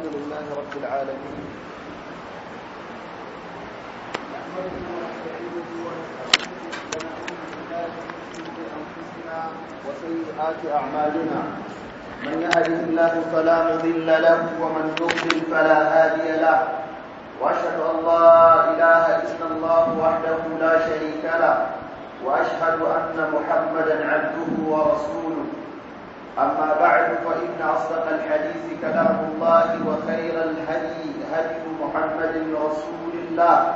الحمد لله رب العالمين نحمده ونستعينه ونعوذ بالله من شرور انفسنا وسيئات اعمالنا من يهده الله فلا مضل له ومن يضلل فلا هادي له واشهد ان لا اله الا الله وحده لا شريك له واشهد ان محمدا عبده ورسوله أما بعد فإن أصدق الحديث كلام الله وخير الهدي هدي محمد رسول الله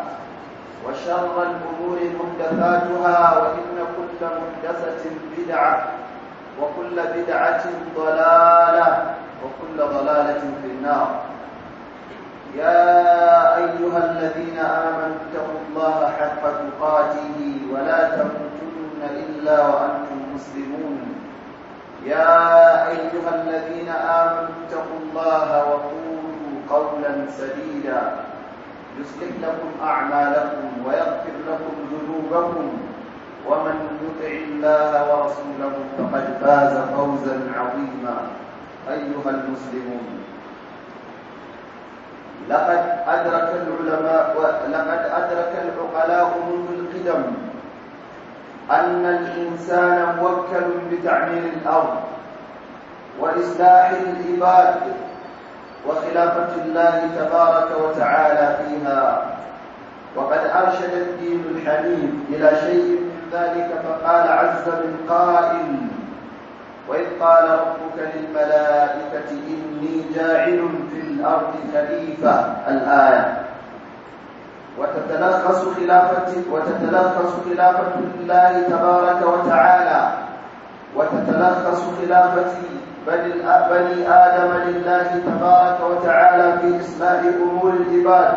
وشر الأمور محدثاتها وإن كل محدثة بدعة وكل بدعة ضلالة وكل ضلالة في النار يا أيها الذين آمنوا اتقوا الله حق تقاته ولا تموتن إلا وأنتم مسلمون يا أيها الذين آمنوا اتقوا الله وقولوا قولا سديدا يصلح لكم أعمالكم ويغفر لكم ذنوبكم ومن يطع الله ورسوله فقد فاز فوزا عظيما أيها المسلمون لقد أدرك العلماء لقد أدرك العقلاء منذ القدم أن الإنسان موكل بتعمير الأرض وإصلاح العباد وخلافة الله تبارك وتعالى فيها وقد أرشد الدين الحنيف إلى شيء من ذلك فقال عز من قائل وإذ قال ربك للملائكة إني جاعل في الأرض خليفة الآية تتلخص خلافة وتتلخص خلافة الله تبارك وتعالى وتتلخص خلافة بني آدم لله تبارك وتعالى في إصلاح أمور العباد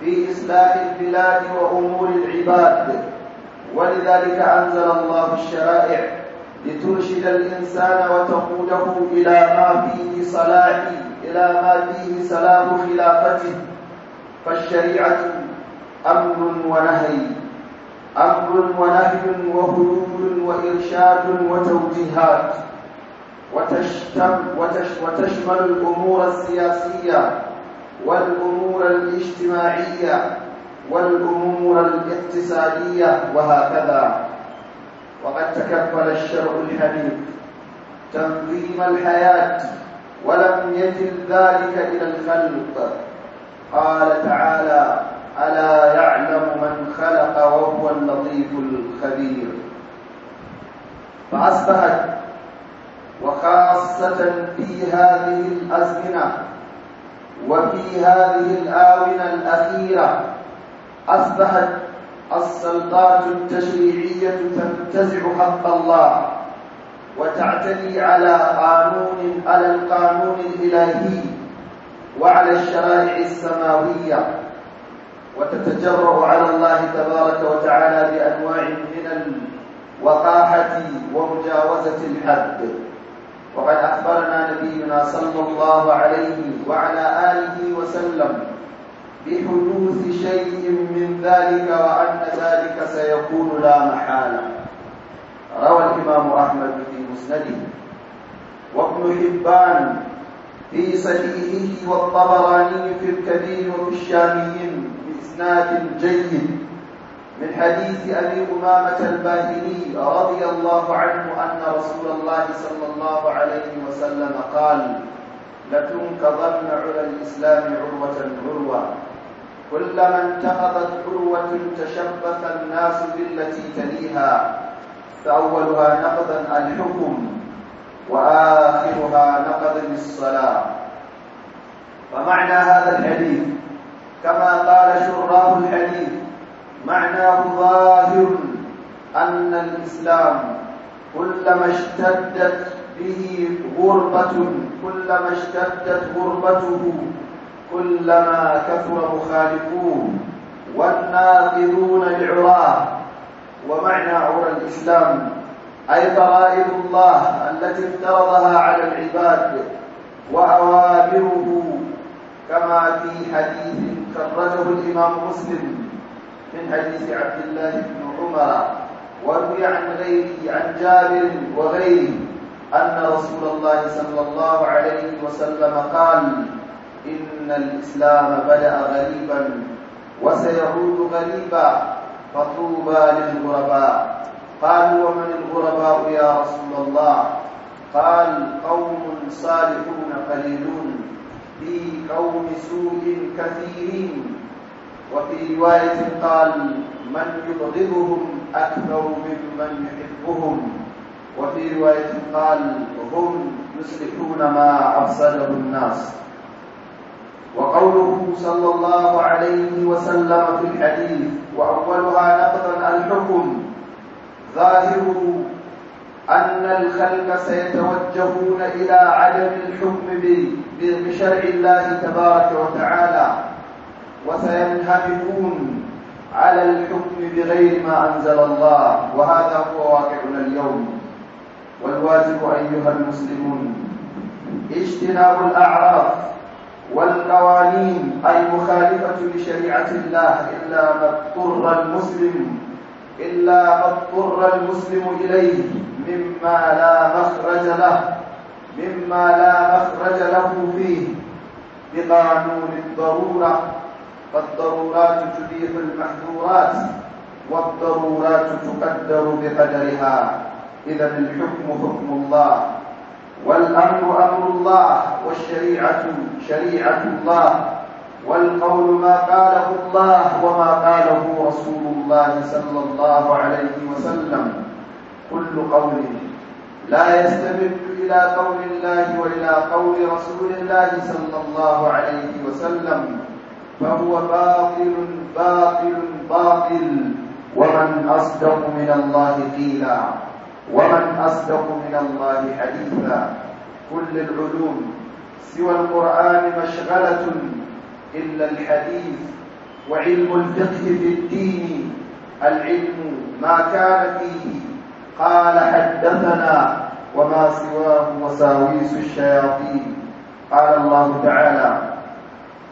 في إصلاح البلاد وأمور العباد ولذلك أنزل الله الشرائع لترشد الإنسان وتقوده إلى ما فيه صلاح إلى ما فيه سلام خلافته فالشريعة أمر ونهي أمر ونهي وهدود وإرشاد وتوجيهات وتشتم وتشمل الأمور السياسية والأمور الاجتماعية والأمور الاقتصادية وهكذا وقد تكفل الشرع الحديث تنظيم الحياة ولم يتل ذلك إلى الخلق قال تعالى ألا يعلم من خلق وهو اللطيف الخبير فأصبحت وخاصة في هذه الأزمنة وفي هذه الآونة الأخيرة أصبحت السلطات التشريعية تنتزع حق الله وتعتدي على قانون على القانون الإلهي وعلى الشرائع السماوية وتتجرأ على الله تبارك وتعالى بأنواع من الوقاحة ومجاوزة الحد وقد أخبرنا نبينا صلى الله عليه وعلى آله وسلم بحدوث شيء من ذلك وأن ذلك سيكون لا محالة روى الإمام أحمد في مسنده وابن حبان في صحيحه والطبراني في الكبير وفي الشامي بإسناد جيد من حديث أبي أمامة الباهلي رضي الله عنه أن رسول الله صلى الله عليه وسلم قال لتنكضن على الإسلام عروة عروة كلما انتقضت عروة تشبث الناس بالتي تليها فأولها نقضا الحكم وآخرها نقضا الصلاة فمعنى هذا الحديث كما قال شراح الحديث معناه ظاهر أن الإسلام كلما اشتدت به غربة كلما اشتدت غربته كلما كثر مخالفوه والناقضون العراه ومعنى عرى الإسلام أي فرائض الله التي افترضها على العباد وأوامره كما في حديث أخرجه الإمام مسلم من حديث عبد الله بن عمر وروي عن غيره عن جابر وغيره أن رسول الله صلى الله عليه وسلم قال إن الإسلام بدأ غريبا وسيعود غريبا فطوبى للغرباء قالوا ومن الغرباء يا رسول الله قال قوم صالحون قليلون في قوم سوء كثيرين وفي رواية قال من يبغضهم أكثر ممن يحبهم وفي رواية قال هم يصلحون ما أفسده الناس وقوله صلى الله عليه وسلم في الحديث وأولها نقطة الحكم ظاهره أن الخلق سيتوجهون إلى عدم الحكم به بشرع الله تبارك وتعالى وسينهمكون على الحكم بغير ما أنزل الله وهذا هو واقعنا اليوم والواجب أيها المسلمون اجتناب الأعراف والقوانين أي مخالفة لشريعة الله إلا ما اضطر المسلم إلا ما اضطر المسلم إليه مما لا مخرج له مما لا مخرج له فيه بقانون الضرورة فالضرورات تبيح المحظورات والضرورات تقدر بقدرها إذا الحكم حكم الله والأمر أمر الله والشريعة شريعة الله والقول ما قاله الله وما قاله رسول الله صلى الله عليه وسلم كل قول لا يستمد إلى قول الله وإلى قول رسول الله صلى الله عليه وسلم فهو باطل باطل باطل ومن أصدق من الله قيلا ومن أصدق من الله حديثا كل العلوم سوى القرآن مشغلة إلا الحديث وعلم الفقه في الدين العلم ما كان فيه قال حدثنا وما سواه وساويس الشياطين قال الله تعالى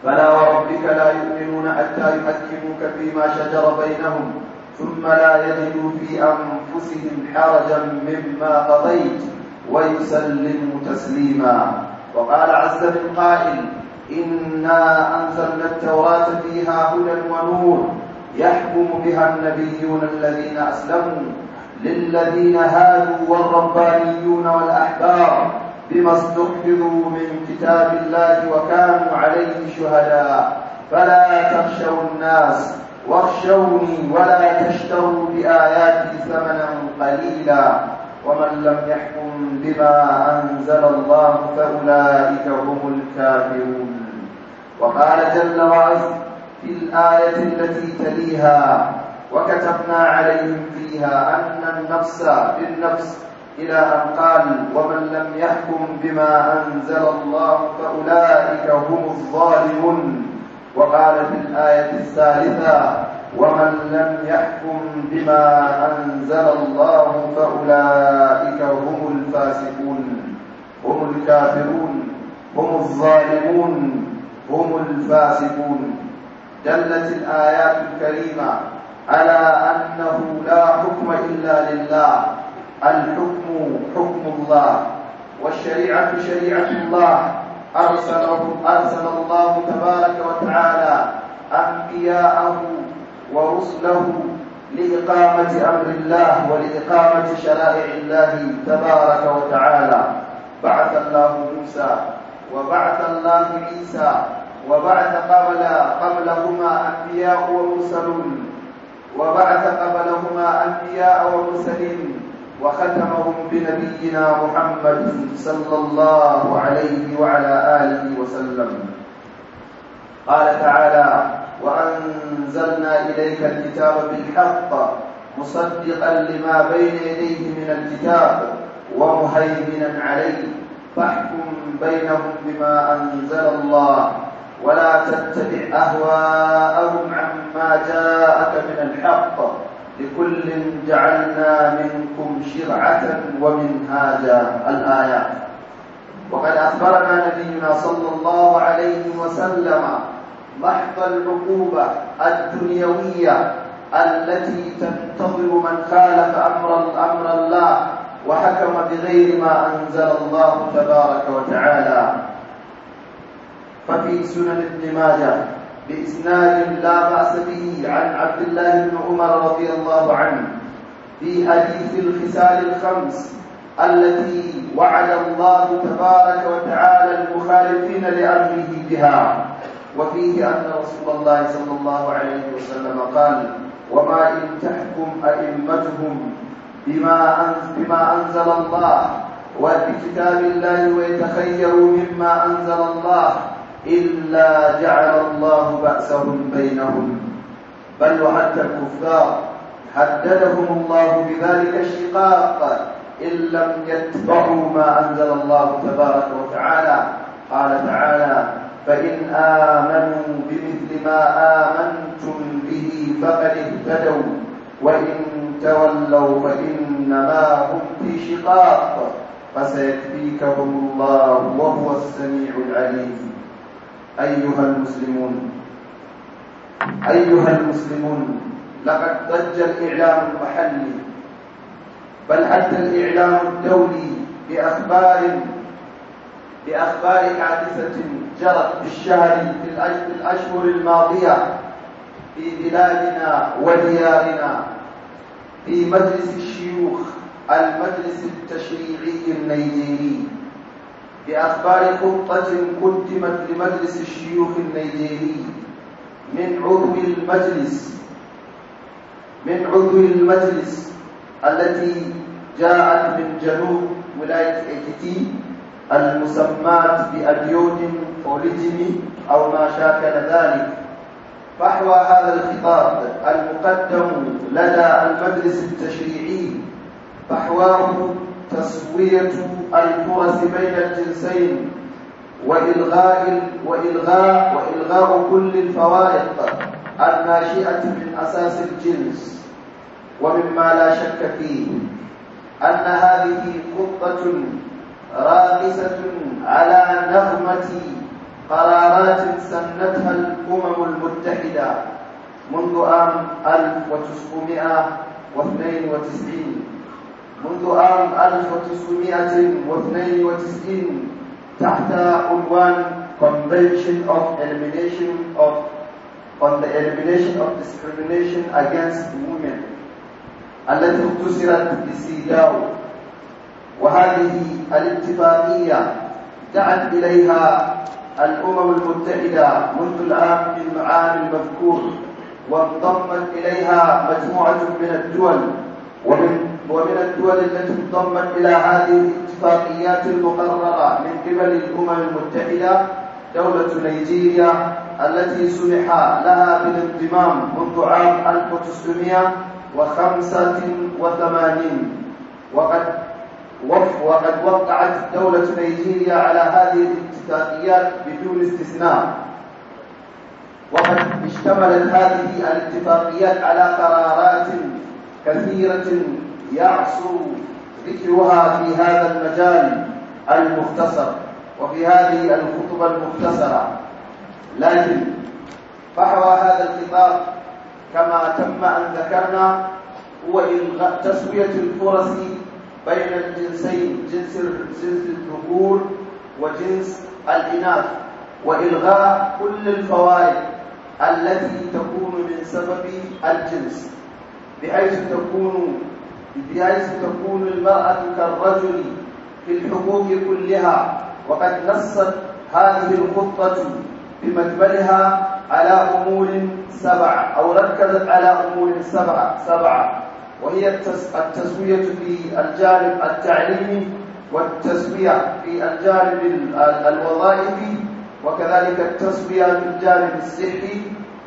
فلا وربك لا يؤمنون حتى يحكموك فيما شجر بينهم ثم لا يجدوا في انفسهم حرجا مما قضيت ويسلموا تسليما وقال عز من قائل انا انزلنا التوراه فيها هدى ونور يحكم بها النبيون الذين اسلموا للذين هادوا والربانيون والأحبار بما استحفظوا من كتاب الله وكانوا عليه شهداء فلا تخشوا الناس واخشوني ولا تشتروا بآياتي ثمنا قليلا ومن لم يحكم بما أنزل الله فأولئك هم الكافرون وقال جل وعز في الآية التي تليها وكتبنا عليهم فيها أن النفس بالنفس إلى أن قال ومن لم يحكم بما أنزل الله فأولئك هم الظالمون وقال في الآية الثالثة ومن لم يحكم بما أنزل الله فأولئك هم الفاسقون هم الكافرون هم الظالمون هم الفاسقون جلت الآيات الكريمة على أنه لا حكم إلا لله الحكم حكم الله والشريعة شريعة الله أرسله أرسل الله تبارك وتعالى أنبياءه ورسله لإقامة أمر الله ولإقامة شرائع الله تبارك وتعالى بعث الله موسى وبعث الله عيسى وبعث قبل قبلهما أنبياء ومرسلون وبعث قبلهما أنبياء ومرسلين وختمهم بنبينا محمد صلى الله عليه وعلى آله وسلم قال تعالى وأنزلنا إليك الكتاب بالحق مصدقا لما بين يديه من الكتاب ومهيمنا عليه فاحكم بينهم بما أنزل الله ولا تتبع أهواءهم عما جاءك من الحق لكل جعلنا منكم شرعة ومنهاجا الآيات وقد أخبرنا نبينا صلى الله عليه وسلم محض العقوبة الدنيوية التي تنتظر من خالف أمر أمر الله وحكم بغير ما أنزل الله تبارك وتعالى ففي سنن ابن ماجه بإسناد لا بأس به عن عبد الله بن عمر رضي الله عنه في حديث الخسال الخمس التي وعد الله تبارك وتعالى المخالفين لأمره بها وفيه أن رسول الله صلى الله عليه وسلم قال وما إن تحكم أئمتهم بما بما أنزل الله وبكتاب الله ويتخيروا مما أنزل الله إلا جعل الله بأسهم بينهم بل وحتى الكفار حددهم الله بذلك الشقاق إن لم يتبعوا ما أنزل الله تبارك وتعالى قال تعالى فإن آمنوا بمثل ما آمنتم به فقد اهتدوا وإن تولوا فإنما هم في شقاق فسيكفيكهم الله وهو السميع العليم أيها المسلمون أيها المسلمون لقد ضج الإعلام المحلي بل حتى الإعلام الدولي بأخبار بأخبار حادثة جرت بالشهر في الأشهر الماضية في بلادنا وديارنا في مجلس الشيوخ المجلس التشريعي النيجيري بأخبار خطة قدمت لمجلس الشيوخ النيجيري من عضو المجلس من عضو المجلس التي جاءت من جنوب ولاية إيكيتي المسمات بأديون أوريجيني أو ما شاكل ذلك فحوى هذا الخطاب المقدم لدى المجلس التشريعي فحواه تسوية الفرص بين الجنسين وإلغاء وإلغاء وإلغاء كل الفوائد الناشئة من أساس الجنس ومما لا شك فيه أن هذه خطة راقصة على نغمة قرارات سنتها الأمم المتحدة منذ عام 1992 منذ عام 1992 تحت عنوان Convention of Elimination of on the Elimination of Discrimination Against Women التي اختصرت بسيداو وهذه الاتفاقية دعت إليها الأمم المتحدة منذ العام من العام المذكور وانضمت إليها مجموعة من الدول ومن ومن الدول التي انضمت إلى هذه الاتفاقيات المقررة من قبل الأمم المتحدة دولة نيجيريا التي سمح لها بالانضمام منذ عام 1985 وقد وقد وقعت دولة نيجيريا على هذه الاتفاقيات بدون استثناء وقد اشتملت هذه الاتفاقيات على قرارات كثيرة يعصو ذكرها في هذا المجال المختصر وفي هذه الخطبة المختصرة لكن فحوى هذا الخطاب كما تم أن ذكرنا هو إلغاء تسوية الفرص بين الجنسين جنس جنس الذكور وجنس الإناث وإلغاء كل الفوائد التي تكون من سبب الجنس بحيث تكون بحيث تكون المرأة كالرجل في الحقوق كلها وقد نصت هذه الخطة بمجملها على أمور سبعة أو ركزت على أمور سبعة سبعة وهي التسوية في الجانب التعليمي والتسوية في الجانب الوظائفي وكذلك التسوية في الجانب الصحي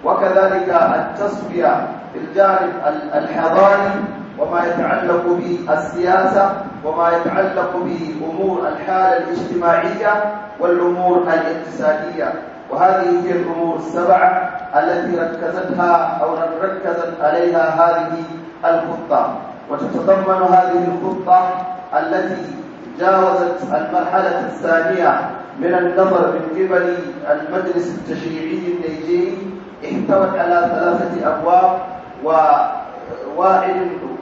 وكذلك التسوية في الجانب الحضاري وما يتعلق بالسياسة وما يتعلق بأمور الحالة الاجتماعية والأمور الاقتصادية وهذه هي الأمور السبعة التي ركزتها أو ركزت عليها هذه الخطة وتتضمن هذه الخطة التي جاوزت المرحلة الثانية من النظر من قبل المجلس التشريعي النيجيري احتوت على ثلاثة أبواب و واحد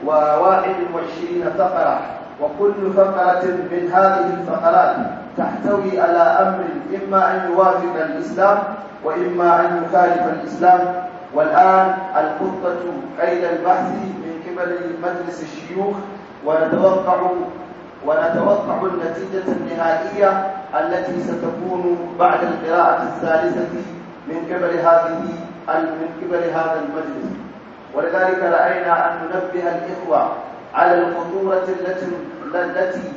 وواحد وعشرين فقرة وكل فقرة من هذه الفقرات تحتوي على أمر إما أن يوافق الإسلام وإما أن يخالف الإسلام والآن الخطة قيد البحث من قبل مجلس الشيوخ ونتوقع ونتوقع النتيجة النهائية التي ستكون بعد القراءة الثالثة من قبل هذه من قبل هذا المجلس ولذلك رأينا أن ننبه الإخوة على الخطورة التي التي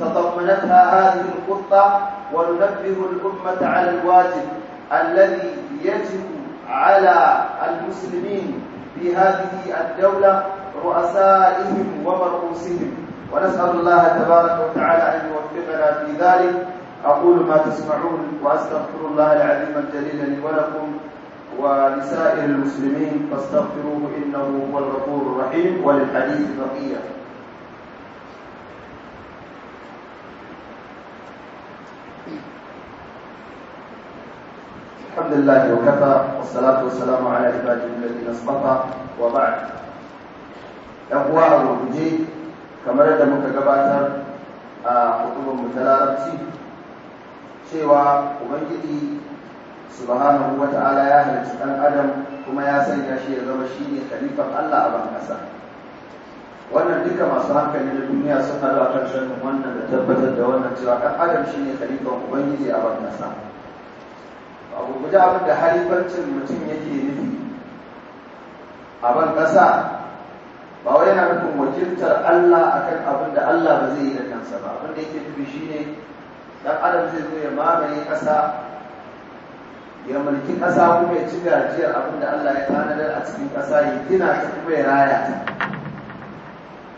تضمنتها هذه الخطة وننبه الأمة على الواجب الذي يجب على المسلمين في هذه الدولة رؤسائهم ومرؤوسهم ونسأل الله تبارك وتعالى أن يوفقنا في ذلك أقول ما تسمعون وأستغفر الله العظيم الجليل لي ولكم ولسائر المسلمين فاستغفروه إنه هو الغفور الرحيم وللحديث بقية الحمد لله وكفى والصلاة والسلام على عباده الذين اصطفى وبعد يقوى وجيه كما رد متقباتر a hukumar mu ومجدي subhanahu wa ta'ala ya halicci ɗan adam kuma ya sanya shi ya zama shine khalifan Allah a ban kasa wannan duka masu hankali na duniya sun haɗu a kan shanin wannan da tabbatar da wannan cewa ɗan adam shine khalifan ubangiji a ban kasa abu guda abin da halifancin mutum yake nufi a ban kasa ba wai yana nufin wakiltar Allah akan abin da Allah ba zai yi da kansa ba abin da yake nufi shine dan adam zai zo ya mamaye ƙasa. ya mulki ƙasa kuma ya ci gajiyar abin da Allah ya tanadar a cikin ƙasa ya gina ta kuma ya raya ta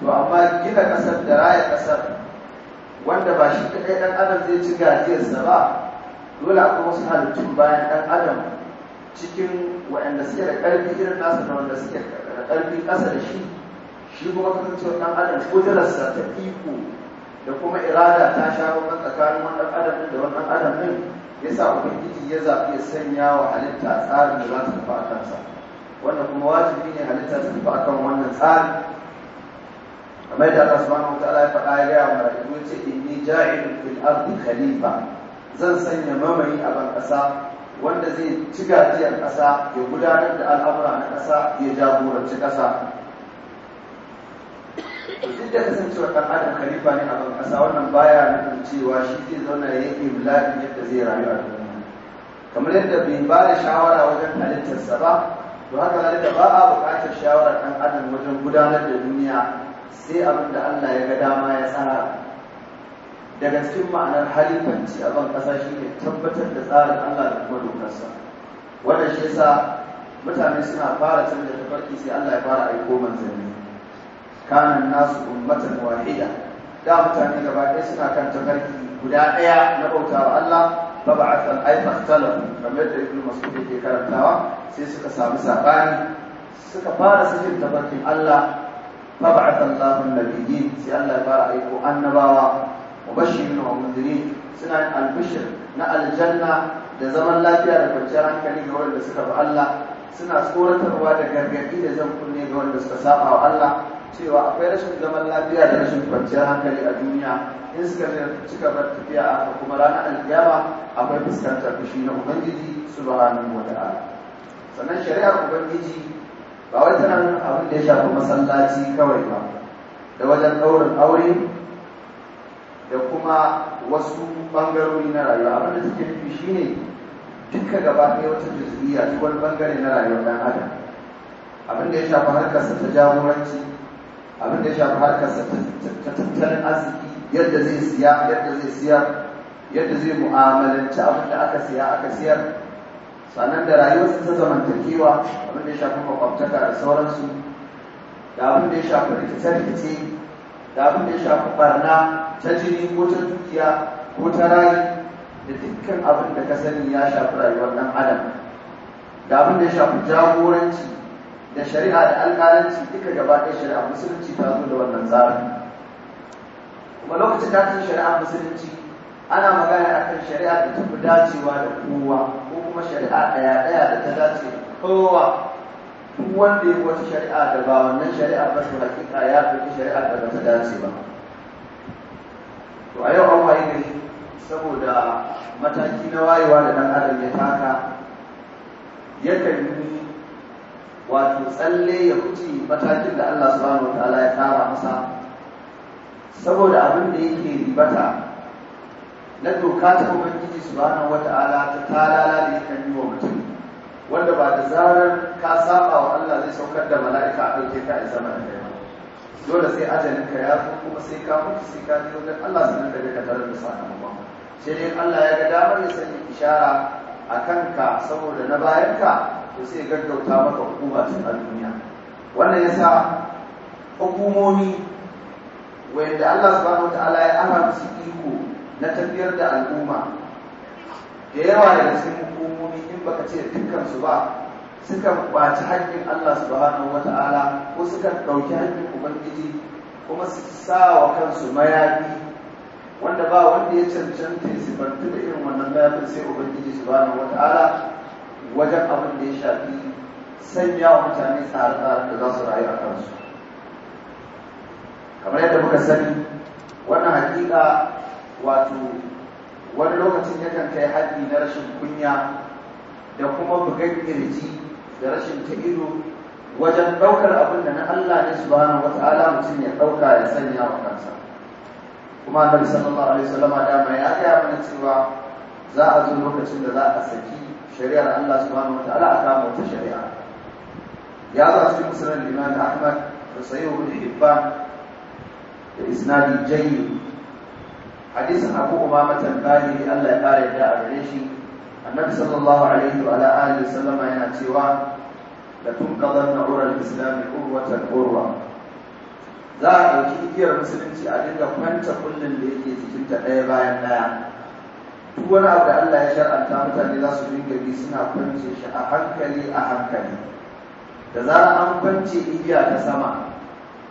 to amma gina ƙasar da raya ƙasar wanda ba shi kaɗai ɗan adam zai ci gajiyarsa ba dole akwai wasu halittun bayan ɗan adam cikin waɗanda suke da ƙarfi irin nasa da wanda suke da ƙarfi ƙasa da shi shi kuma cewa ɗan adam ko ƙudurarsa ta iko da kuma irada ta sha bambam tsakanin wannan adam da wannan adam ɗin ya sa ubangiji ya zaɓi ya sanya wa halitta tsarin da za su tafi a kansa wannan kuma wajibi ne halitta su tafi akan wannan tsari kamar da Allah subhanahu wa ya faɗa ya gaya wa ya ce inni ja'ilun fil ardi khalifa zan sanya mamayi a ban ƙasa wanda zai ci gajiyar ƙasa ya gudanar da al'amura na ƙasa ya jagoranci ƙasa duk sun kasancewa wa adam khalifa ne a ban kasa wannan baya nufin cewa shi zai zauna ya yi imlaki yadda zai rayu a duniya kamar yadda bai ba da shawara wajen halittarsa ba to haka zalika ba a buƙatar shawarar ɗan adam wajen gudanar da duniya sai abin da Allah ya ga dama ya tsara daga cikin ma'anar halifanci a ban kasa shi ne tabbatar da tsarin Allah da kuma dokarsa shi yasa mutane suna fara canza tafarki sai Allah ya fara aiko manzanni kanan nasu ummatan wahida da mutane gaba ɗaya suna kan tafarki guda ɗaya na bauta wa Allah fa san ay fahtalafu kamar da ibnu mas'ud yake karantawa sai suka samu sabani suka fara sakin tafarkin Allah fa san Allahu nabiyyin sai Allah ya fara aiko annabawa mubashirin wa mundirin suna yin albishir na aljanna da zaman lafiya da kwanciyar hankali ga wanda suka bi Allah suna tsoratarwa da gargaɗi da zan kunne ga wanda suka saba wa Allah cewa akwai rashin zaman lafiya da rashin kwanciyar hankali a duniya in suka cika bar tafiya aka kuma ranar alkiyama akwai fuskantar fushi na ubangiji subhanahu wa ta'ala sannan shari'ar ubangiji ba wai tana abin da ya shafi masallaci kawai ba da wajen ɗaurin aure da kuma wasu ɓangarori na rayuwa abin da suke nufi shine duka gaba ɗaya wata juz'iyya ta wani ɓangare na rayuwar ɗan adam abin da ya shafi sa ta jagoranci abin da ya shafi harkar ta tattalin arziki yadda zai siya yadda zai siyar yadda zai mu'amalanci abin da aka siya aka siyar sannan da rayuwarsa ta zamantakewa abin da ya shafi makwabtaka da sauransu da abin da ya shafi rikice-rikice da abin da ya shafi barna ta jini ko ta dukiya ko ta rayu da dukkan abin da ka sani ya shafi rayuwar ɗan adam da abin da ya shafi jagoranci da shari'a da alƙalanci duka gaba ɗaya shari'a musulunci ta zo da wannan tsarin kuma lokacin tashin shari'a musulunci ana magana akan shari'a da tafi dacewa da kowa ko kuma shari'a ɗaya ɗaya da ta dace kowa duk wanda ya wata shari'a da ba wannan shari'a ba su hakika ya fi shari'a da ba ta dace ba to a yau an waye gari saboda mataki na wayewa da ɗan adam ya taka yakan yi wato tsalle ya huce matakin da Allah subhanahu wa ta'ala ya tsara masa saboda abin da yake ribata na doka ta ubangiji subhanahu wa ta'ala ta talala da yakan yi wa mutum wanda ba da zarar ka saba wa Allah zai saukar da mala'ika a ɗauke ka a zama da kai dole sai ajalin ka ya fi kuma sai ka mutu sai ka ji wajen Allah su nan daga tarar da sakamakon sai dai Allah ya ga damar ya sanya ishara a kanka saboda na bayan ka da sai gaggauta maka hukuma tun a duniya wannan ya sa hukumomi wanda Allah subhanahu Ta'ala ya ara musu iko na tafiyar da al'umma da yawa daga cikin hukumomi in baka ce dukkan su ba sukan kwaci hakkin Allah subhanahu Ta'ala ko sukan ɗauki haƙƙin ubangiji kuma su sa wa kansu mayafi wanda ba wanda ya cancanta ya sifantu da irin wannan mayafin sai ubangiji subhanahu Ta'ala. wajen abin da ya shafi sanya wa mutane tsare-tsare da za su rayu a kansu kamar yadda muka sani wannan hakika wato wani lokacin yakan kai haɗi na rashin kunya da kuma bugan kirji da rashin ta ido wajen ɗaukar abin da na Allah ne subhanahu ala mutum ya ɗauka ya sanya wa kansa kuma annabi sallallahu alaihi wasallam da ma ya gaya mana cewa za a zo lokacin da za a saki shari'ar Allah subhanahu wa ta'ala a kama wata shari'a ya zo su cikin musulun Ahmad da sayo ibn Hibban da isnadi jayyid hadisin Abu Umama Tanbani Allah ya kare da a gare shi annabi sallallahu alaihi wa ala alihi Sallama yana cewa la tunqadanna ural islami urwatan urwa za a ɗauki igiyar musulunci a dinga kwanta kullum da yake jikinta ɗaya bayan ɗaya duk wani abu da Allah ya shar'anta mutane za su dinga bi suna kwance shi a hankali a hankali da zarar an kwance igiya ta sama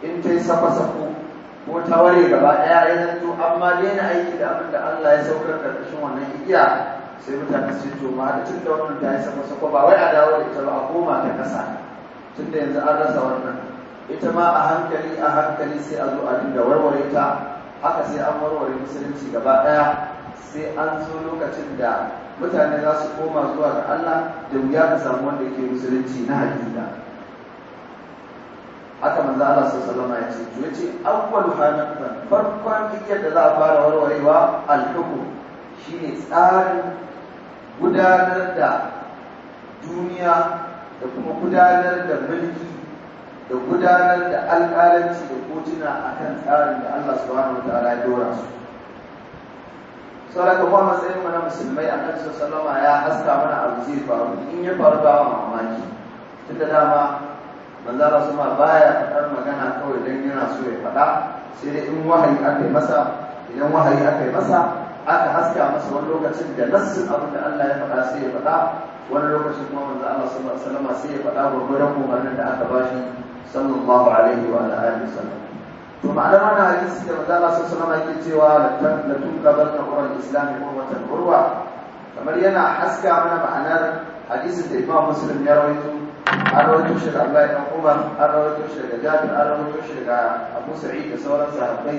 in ta yi safa sako ko ta ware gaba ɗaya ya zanto amma daina aiki da abin da Allah ya saukar karkashin wannan igiya sai mutane sun to ma da cikin da wannan ta yi safa sako ba wai a dawo da ita ba a koma ta kasa tun da yanzu an rasa wannan ita ma a hankali a hankali sai a zo a dinga warware ta haka sai an warware musulunci gaba ɗaya sai an zo lokacin da mutane za su koma zuwa ga Allah da wuya ka samu wanda ke musulunci na hakika haka manzo Allah sallallahu alaihi wasallam ya ce yace awwalu hanatan farkon fikiyar da za a fara warwarewa al-hukm shine tsarin gudanar da duniya da kuma gudanar da mulki da gudanar da alƙalanci da kotuna akan tsarin da Allah subhanahu wa ta'ala ya dora su saboda kuma matsayin mu na musulmai annabi sallallahu alaihi ya haska mana abu zai faru in ya faru ba wa mamaki tunda dama manzo Allah sama baya faɗar magana kawai don yana so ya faɗa sai dai in wahayi aka yi masa idan wahayi aka yi masa aka haska masa wani lokacin da nassin abin da Allah ya faɗa sai ya faɗa wani lokacin kuma manzo Allah sallallahu alaihi sai ya faɗa gurgurdan umarnin da aka ba bashi sallallahu alaihi wa alihi wasallam to ma'anar wannan hadisi da manzo Allah sallallahu alaihi yake cewa la tuka barna ummul islam ummatan urwa kamar yana haska mana ma'anar hadisi da Imam Muslim ya rawaito an rawaito shi da Allah ibn Umar an rawaito shi da Jabir da Abu Sa'id da sauran sahabbai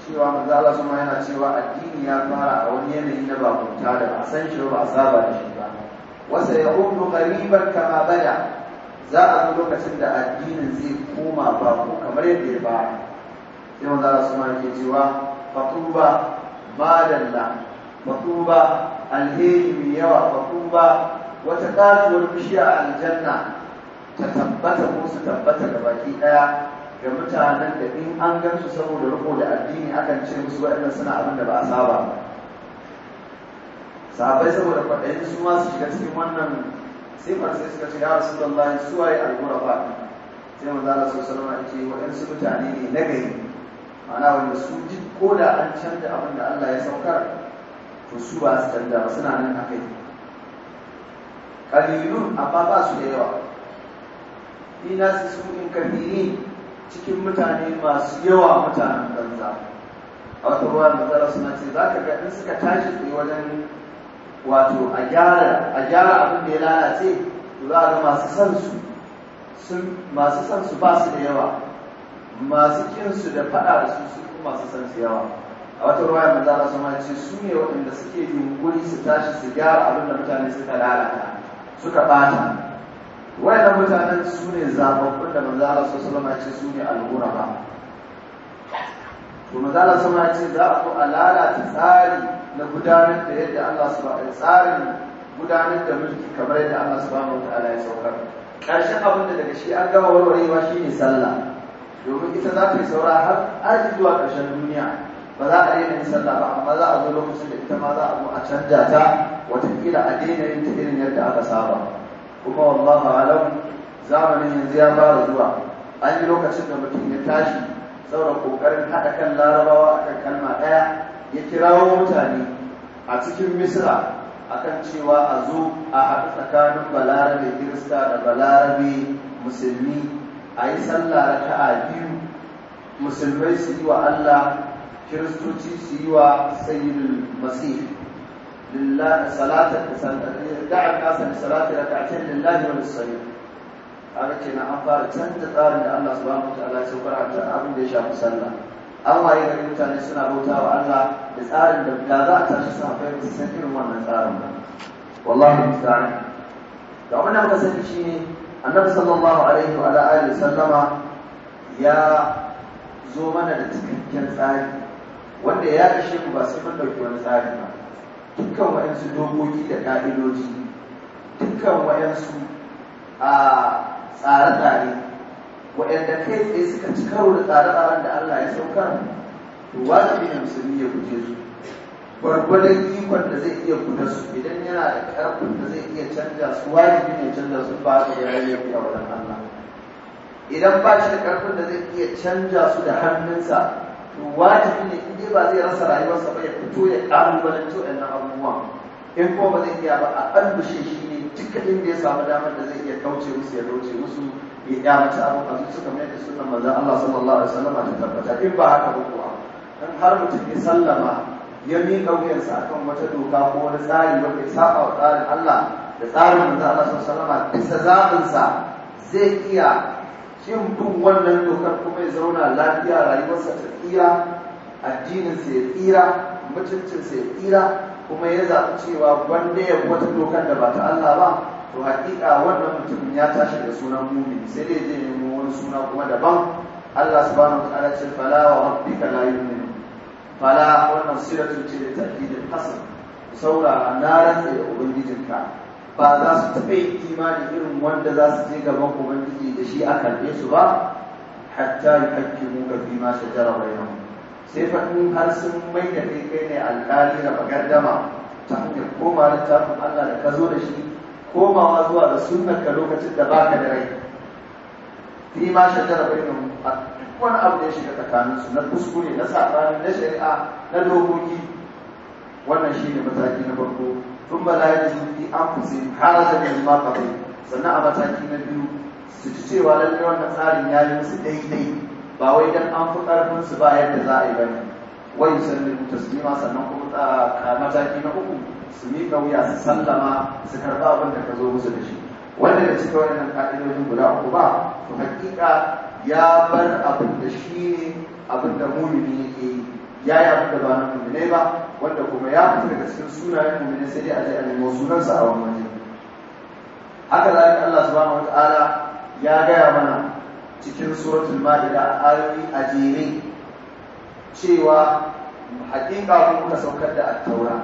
cewa manzo Allah yana cewa addini ya fara a wani yanayi na bakunta da ba san shi ba a saba da shi ba wasa ya'udu qariban kama bada za a zo lokacin da addinin zai koma bako kamar yadda ya fara sai wanda Allah suna yake cewa fatuba madalla fatuba alheri mai yawa fatuba wata katuwar bishiya aljanna ta tabbata ko su tabbata ga baki daya ga mutanen da in an gansu saboda riko da addini akan ce musu waɗannan suna abin da ba a saba sabai saboda kwaɗayin su ma su shiga cikin wannan sifar sai suka ce ya rasu da suwaye al sai manzo Allah sallallahu ce waɗansu mutane ne na gari ma'ana wanda su duk ko da an canza abin da Allah ya saukar to su ba su canza ba suna nan akai kalilun amma ba su da yawa ina su su in kalili cikin mutane masu yawa mutanen banza a wata ruwa zara suna ce za ka ga in suka tashi tsaye wajen wato a gyara abin da ya lalace za a ga masu san masu san su ba su da yawa masu kinsu da faɗa da su su kuma su san su yawa a wata ruwaya manzo Allah sama ce su ne waɗanda suke guri su tashi su gyara abin da mutane suka lalata suka bata wayannan mutanen su ne zababbun da manzo Allah sallallahu alaihi ce su ne al-ghuraba to manzo Allah sama ce za a ko lalata tsari na gudanar da yadda Allah subhanahu wa tsarin gudanar da mulki kamar yadda Allah subhanahu wa ta'ala ya saukar ƙarshen abin da daga shi an gama warwarewa shine sallah domin ita za ta yi saura har har zuwa ƙarshen duniya ba za a daina yin sallah ba amma za a zo lokacin da ita ma za a zo a canja ta watakila a daina yin ta irin yadda aka saba kuma wallahu alam zamanin yanzu ya fara zuwa an yi lokacin da mutum ya tashi saura kokarin haɗa kan larabawa a kan kalma ɗaya ya kirawo mutane a cikin misra akan cewa a zo a haɗu tsakanin balarabe kirista da balarabe musulmi a yi sallah raka'a biyu musulmai su yi wa Allah kiristoci su yi wa sayyidul masih lillah salata da sallah da da da a an fara canza tsarin da Allah subhanahu wataala ya ya shafi sallah an waye mutane suna bauta wa Allah da tsarin da za a tashi wannan tsarin ba da wannan ka shine annabi sallallahu alaihi wa alihi sallama ya zo mana da cikakken tsari wanda ya ishe mu ba sai mun dauki wani tsari ba dukkan wayansu dokoki da ka'idoji dukkan wayansu a tsare-tsare wayanda kai tsaye suka ci karo da tsare-tsaren da Allah ya saukar to wajibi ne musulmi ya guje su gwargwadon ikon da zai iya kuna su idan yana da ƙarfin da zai iya canja su wajibi ne canja su ba su da ya fi a wajen Allah idan ba shi da ƙarfin da zai iya canja su da hannunsa to wajibi ne in dai ba zai rasa rayuwarsa ba ya fito ya ƙalubalanci waɗannan abubuwan in ko ba zai iya ba a ɓalbushe shi ne cikakken inda ya samu damar da zai iya kauce musu ya kauce musu ya ƙyamata abu a zuci kamar yadda sunan maza Allah sallallahu alaihi wasallam ta tabbata in ba haka ba kuwa in har mutum ya sallama ya kauyen sa akan wata doka ko wani tsari ba ya saba wa tsarin Allah da tsarin manzo Allah sallallahu alaihi bisa zaɓinsa zai iya kin duk wannan dokar kuma ya zauna lafiya rayuwarsa ta tsira addinin sa ya tsira mutuncinsa ya tsira kuma ya zaɓi cewa wanda ya wata dokar da ba ta Allah ba to haƙiƙa wannan mutumin ya tashi da sunan mumin sai dai zai nemo wani suna kuma daban Allah subhanahu wa ta'ala ce fala wa rabbika la yu'minu fala wannan siratu ce da tadidin asal saura na rantsa da ubangijinka ba za su taɓa yin imani irin wanda za su je gaban ubangiji da shi a karɓe su ba hatta yi hakki mu fi ma shajara bayan sai faɗin har sun mai da kai kai ne alƙali da bagardama ta hanyar koma littafin Allah da ka zo da shi komawa zuwa da sunnar ka lokacin da baka da rai fi ma shajara bayan wani abu shiga ya shiga su na kuskure na sabani na shari'a na dokoki wannan shi ne mataki na farko tun ba la yi fi an fusi har da ne ma kafai sannan a mataki na biyu su ci cewa lalle wannan tsarin ya yi musu daidai ba wai dan an fi su ba yadda za a yi ba ne wai sun taslima sannan kuma ka mataki na uku su miƙa wuya su sallama su karba abin da ka zo musu da shi wanda da cika wannan ƙa'idodin guda uku ba to hakika ya bar abin da shi ne abin da mumini yake ya yi abin da ba na mumini ba wanda kuma ya fita daga cikin sunayen mumini sai dai a je a nemo sunansa a wani waje haka zalika Allah subhanahu wataala ya gaya mana cikin suratul ma'ida ayoyi a jere cewa hakika mun ka saukar da at-taura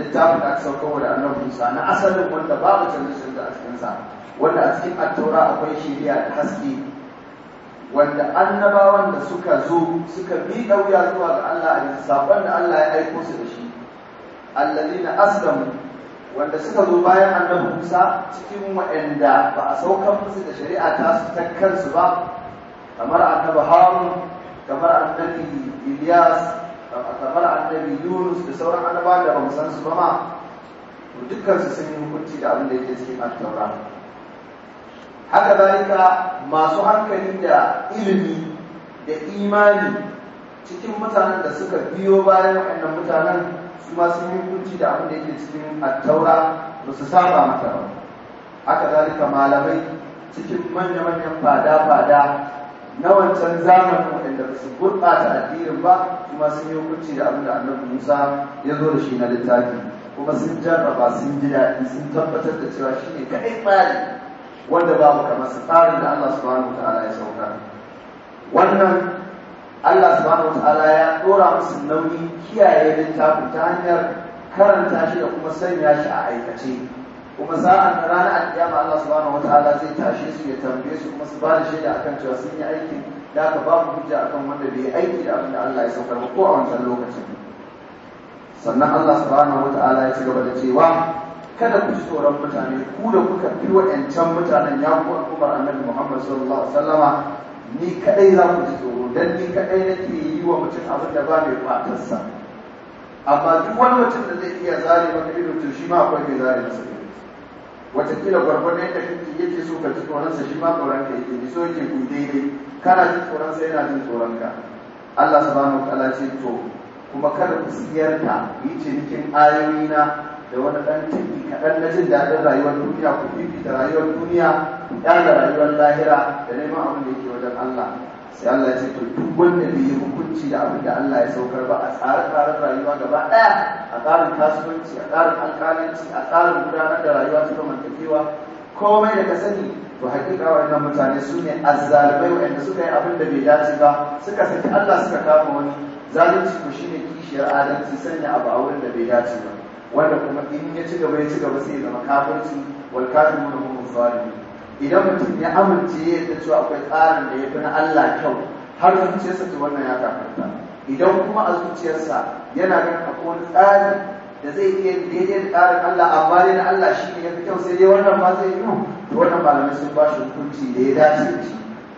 littafin da aka saukar da annabi Musa na asalin wanda babu canza canza a cikinsa wanda a cikin at-taura akwai shari'a da haske wanda annabawan da suka zo suka bi ɗauya zuwa ga Allah a yanzu da Allah ya aiko su da shi na asgamu. wanda suka zo bayan annabi Musa cikin waɗanda ba a saukar musu da shari'a ta su ta kansu ba kamar annabi Harun kamar annabi Ilyas kamar annabi Yunus da sauran annabawa da ba mu san su ba ma dukkan su sun yi hukunci da abin da yake cikin at haka zalika masu hankali da ilimi da imani cikin mutanen da suka biyo bayan waɗannan mutanen su ma yi kunci da abin da yake cikin attaura ba su saba mata ba haka zalika malamai cikin manya-manyan fada-fada na wancan zamanin waɗanda su gurɓata addinin ba kuma sun yi hukunci da abin da annabi musa ya zo da shi na littafi kuma sun jarraba sun ji daɗi sun tabbatar da cewa shi ne kaɗai tsari wanda babu kamar su tsarin da Allah subhanahu wa ta'ala ya sauka wannan Allah subhanahu wa ta'ala ya dora musu nauyi kiyaye littafin ta hanyar karanta shi da kuma sanya shi a aikace kuma sa'an da ranar alƙiyama Allah subhanahu wa ta'ala zai tashe su ya tambaye su kuma su ba da shaida akan cewa sun yi aiki da aka babu hujja akan wanda bai aiki da abin da Allah ya saukar ba ko a wancan lokacin sannan Allah subhanahu wa ta'ala ya ci gaba da cewa kada ku ji tsoron mutane ku da kuka fi wa'ancan mutanen ya ku al'ummar annabi Muhammad sallallahu alaihi wasallama ni kadai za ku ji tsoro dan ni kadai nake yi wa mutum abin da ba mai fatarsa amma duk wani mutum da zai iya zare maka ido shi ma akwai mai zare masa ido wataƙila gwargwadon yadda kake yake so ka ji tsoronsa shi ma tsoron ka yake so yake ku daidai kana jin tsoronsa yana jin tsoron ka Allah subhanahu wa ta'ala ce to kuma kada ku siyarta yi cinikin ayoyi na da wani ɗan ciki kaɗan na jin daɗin rayuwar duniya ku da rayuwar duniya ya da rayuwar lahira da neman abin da yake wajen Allah sai Allah ya ce to duk wanda bai yi hukunci da abin da Allah ya saukar ba a tsarin tsarin rayuwa gaba ɗaya a tsarin kasuwanci a tsarin alƙalanci a tsarin gudanar da rayuwa ta zamantakewa komai da ka sani to hakika wannan mutane su ne azzalibai waɗanda suka yi abin da bai dace ba suka saki Allah suka kama wani zalunci ku shine kishiyar adalci sanya abu a wurin da bai dace ba wanda kuma in ya ci gaba ya ci gaba sai ya zama kafirci wal kafirun hum zalimi idan mutum ya amince ya yadda cewa akwai tsarin da ya fi na Allah kyau har zuciyarsa ta wannan ya kafirta idan kuma a zuciyarsa yana ga akwai wani tsari da zai iya daidai da tsarin Allah amma dai na Allah shi ne ya kyau sai dai wannan ba zai yi to wannan malamai sun ba shi hukunci da ya dace da shi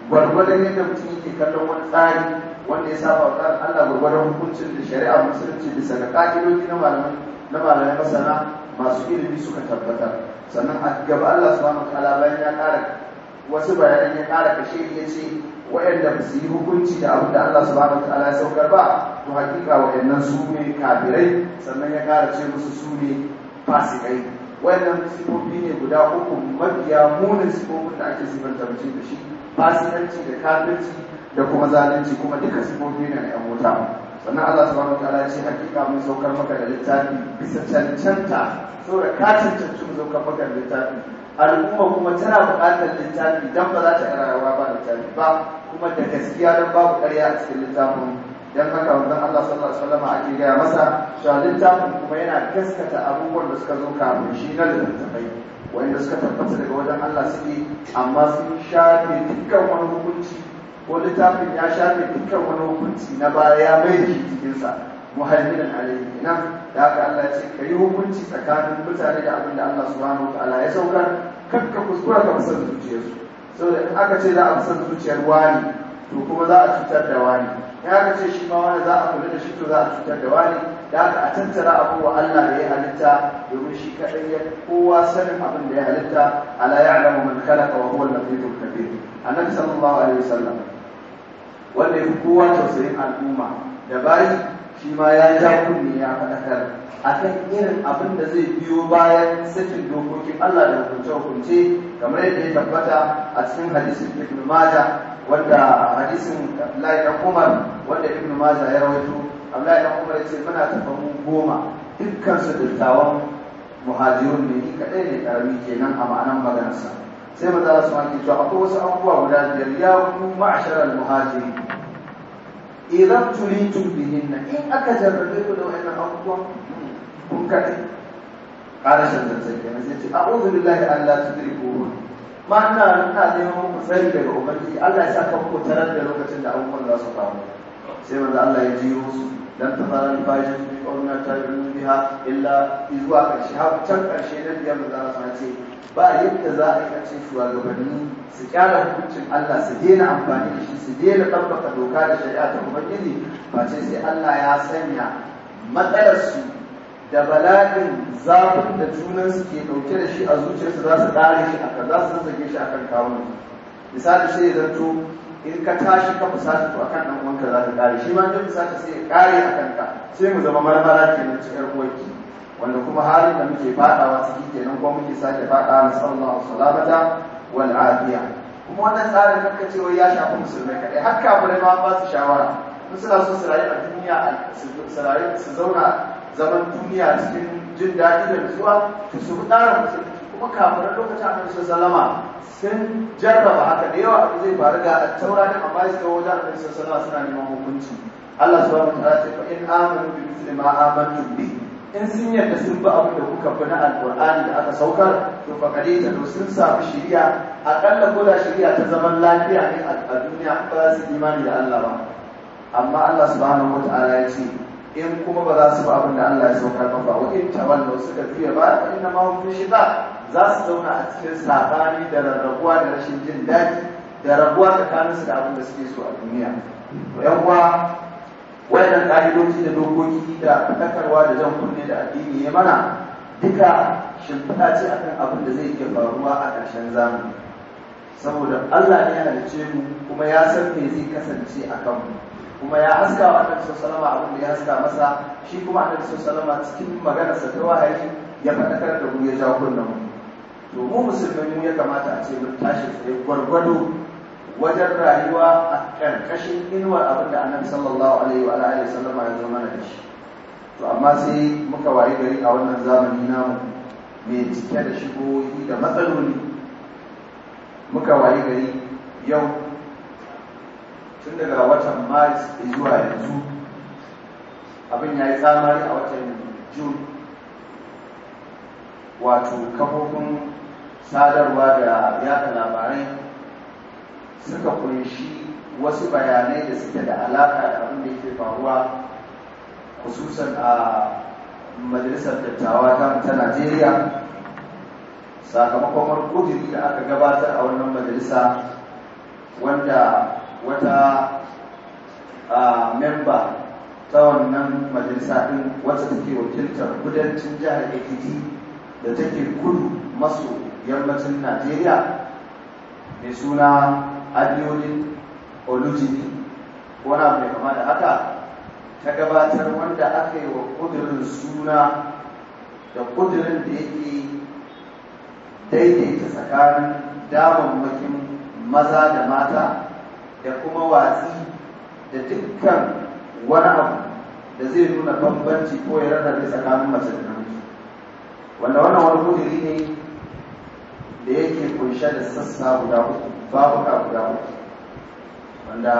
gwargwadon yadda mutum yake kallon wani tsari wanda ya saba wa tsarin Allah gwargwadon hukuncin da shari'a musulunci bisa ga ƙa'idoji na malamai na malamai masana masu ilimi suka tabbatar sannan a gaba Allah subhanahu wataala bayan ya ƙara wasu bayanan ya ƙara kashe ya ce waɗanda ba su yi hukunci da abin da Allah subhanahu wataala ya saukar ba to hakika waɗannan su ne kabirai sannan ya ƙara ce musu su ne fasikai waɗannan sifofi ne guda uku mafiya munin sifofin da ake sifanta mace da shi fasikanci da kafinci, da kuma zalunci kuma duka sifofi ne na 'yan wuta sannan Allah subhanahu wataala ya ce hakika mun saukar maka da littafi bisa cancanta da ka cancanci mun saukar maka da littafi al'umma kuma tana buƙatar littafi dan ba za ta ƙararrawa ba littafi ba kuma da gaskiya don babu ƙarya a cikin littafin dan haka wannan Allah sallallahu alaihi wasallam ake gaya masa cewa littafin kuma yana gaskata abubuwan da suka zo kafin shi na littattafai wanda suka tabbata daga wajen Allah suke amma sun shafe dukkan wani hukunci ko littafin ya shafe dukkan wani hukunci na baya ya mai da cikinsa muhaiminan alaihi kenan da haka Allah ya ce ka yi hukunci tsakanin mutane da abin da Allah subhanahu ta'ala ya saukar kan ka kuskura ka musar zuciyarsu saboda in aka ce za a musar zuciyar wani to kuma za a cutar da wani in aka ce shi ma wani za a kula da shi to za a cutar da wani da haka a tattara abubuwa Allah da ya halitta domin shi kaɗai ya kowa sanin abin da ya halitta ala ya'lamu man khalaqa wa huwa al-latiful khabir annabi sallallahu alaihi wasallam wanda ya fi kowa tausayin al'umma da bayi shi ma ya ja kunni ya faɗakar kan irin abin da zai biyo bayan sakin dokokin Allah da hukunce-hukunce kamar yadda ya tabbata a cikin hadisin Ibn maja wanda hadisin Abdullahi dan Umar wanda Ibn maja ya rawaito Abdullahi dan Umar ya ce muna tafamu goma dukkan su dattawan muhajirun ne ni kadai ne karami kenan a ma'anan maganarsa sai maza za su maki cewa akwai wasu abubuwa guda biyar ya ku ma'asharar muhajiri idan tulitum bihinna in aka jarrabe ku da wa'annan abubuwan kun kaɗai ƙarashin zancen na zai ce a'udhu billahi an la tudriku ma ina ina neman muku tsari daga ubangiji Allah ya sa kan tarar da lokacin da abubuwan za su faru sai wanda Allah ya jiyo su dan ta fara bashi ƙwarunan ta yi biha illa zuwa ƙarshe har can ƙarshe na biyar da ce ba yadda za a kace shugabanni su kyara hukuncin Allah su daina amfani da shi su daina tabbata doka da shari'a ta ubangiji face sai Allah ya sanya matsalarsu da bala'in zafin da junan su ke ɗauke da shi a zuciyarsu za su kare shi a kan za su zazzage shi a kan kawo misali shi ya to. in ka tashi ka fusata to akan dan uwanka za ka kare shi ma ka fusata sai ya kare akan ka sai mu zama marmara kenan nan cikin uwarki wanda kuma halin da muke fadawa ciki kenan kuma muke sake fada musallallahu salamata wal afiya kuma wannan tsarin kanka cewa ya shafi musulmai kadai har kafirai ma ba su shawara in suna so su rayu a duniya su zauna zaman duniya cikin jin daɗi da nutsuwa to su fi ɗara musulmai kuma kafiran lokacin annabi sallama sun jarraba haka da yawa abu zai faru ga taura da amma su wajen annabi sallama suna neman hukunci Allah subhanahu wa ta'ala ce fa in amanu bi mithli ma amantu bi in sun yarda sun bi abin da kuka bi na alqur'ani da aka saukar to fa kadai ta sun samu shiriya akalla ko da shiriya ta zaman lafiya ne a duniya ba za su imani da Allah ba amma Allah subhanahu wa ta'ala ya ce in kuma ba za su ba abin da Allah ya saukar ba wa in tawallu suka fiye ba inna ma hum fi za su zauna a cikin sabani da rarrabuwa da rashin jin daɗi da rabuwa tsakaninsu da abin da suke so a duniya yan uwa wayannan ƙa'idoji da dokoki da takarwa da jan kunne da addini ya mana duka shimfiɗa ce akan abin da zai iya faruwa a ƙarshen zamani saboda Allah ne ya halice mu kuma ya san me zai kasance a kanmu kuma ya haska wa annabi sallallahu alaihi abin da ya haska masa shi kuma annabi sallallahu alaihi cikin maganarsa ta wahayi ya faɗakar da mu ya jawo kunnen mu to mu musulmai mu ya kamata a ce mun tashi tsaye gwargwado wajen rayuwa a ƙarƙashin inuwar abinda da annabi sallallahu alaihi wa alihi sallama ya zo mana da shi to amma sai muka waye gari a wannan zamani namu mai cike da shigoyi da matsaloli muka waye gari yau tun daga watan maris zuwa yanzu abin ya yi tsamari a watan june wato kafofin sadarwa da yada labarai suka kunshi wasu bayanai da suke da alaka da abin da yake faruwa khususan a majalisar dattawa ta najeriya sakamakon wani kudiri da aka gabatar a wannan majalisa wanda wata memba ta wannan majalisa din wacce take wakiltar kudancin jihar ekiti da take kudu maso yammacin najeriya mai suna adiyodin olujini wana mai kama da haka ta gabatar wanda aka yi wa ƙudurin suna da ƙudurin da yake daidaita tsakanin damammakin maza da mata da kuma watsi da dukkan wani abu da zai nuna bambanci ko ya rarrabe tsakanin mace da namiji wanda wannan wani kudiri ne da yake kunshe da sassa guda uku babuka guda uku wanda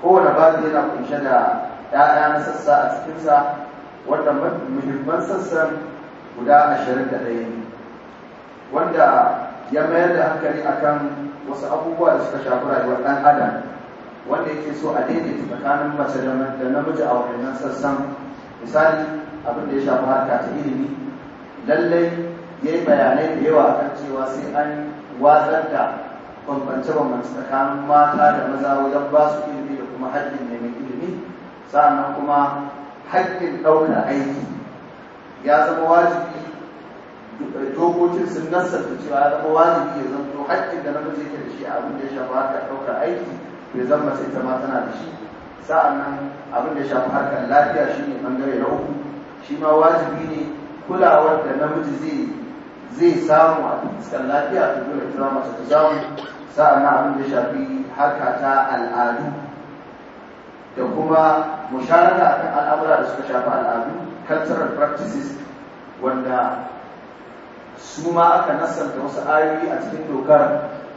kowane babu yana kunshe da ‘ya'ya na sassa a cikinsa wanda muhimman sassan guda ashirin da ɗaya ne wanda ya mayar da hankali kan wasu abubuwa da suka shafi rayuwar ɗan adam wanda yake so a daidaita tsakanin mace da namiji a waɗannan sassan misali abin da ya shafi harka ta ilimi lallai ya bayanai da yawa kan cewa sai an watsar da bambance-bambance tsakanin mata da maza wajen ba su ilimi da kuma haƙƙin neman ilimi sa'annan kuma haƙƙin ɗaukar aiki ya zama wajibi dokokin sun nasarta cewa ya zama wajibi ya zama haƙƙin da namiji yake da shi abin da ya shafi harkar ɗaukar aiki bai zama sai ta ma tana da shi sa'annan abin da ya shafi harkar lafiya shine bangare na uku shi ma wajibi ne kulawar da namiji zai zai samu a cikin lafiya ta dole kira zama ta samu sa'an abin da shafi harka ta al'adu da kuma musharaka kan al'amura da suka shafi al'adu cultural practices wanda su ma aka nasanta wasu ayoyi a cikin dokar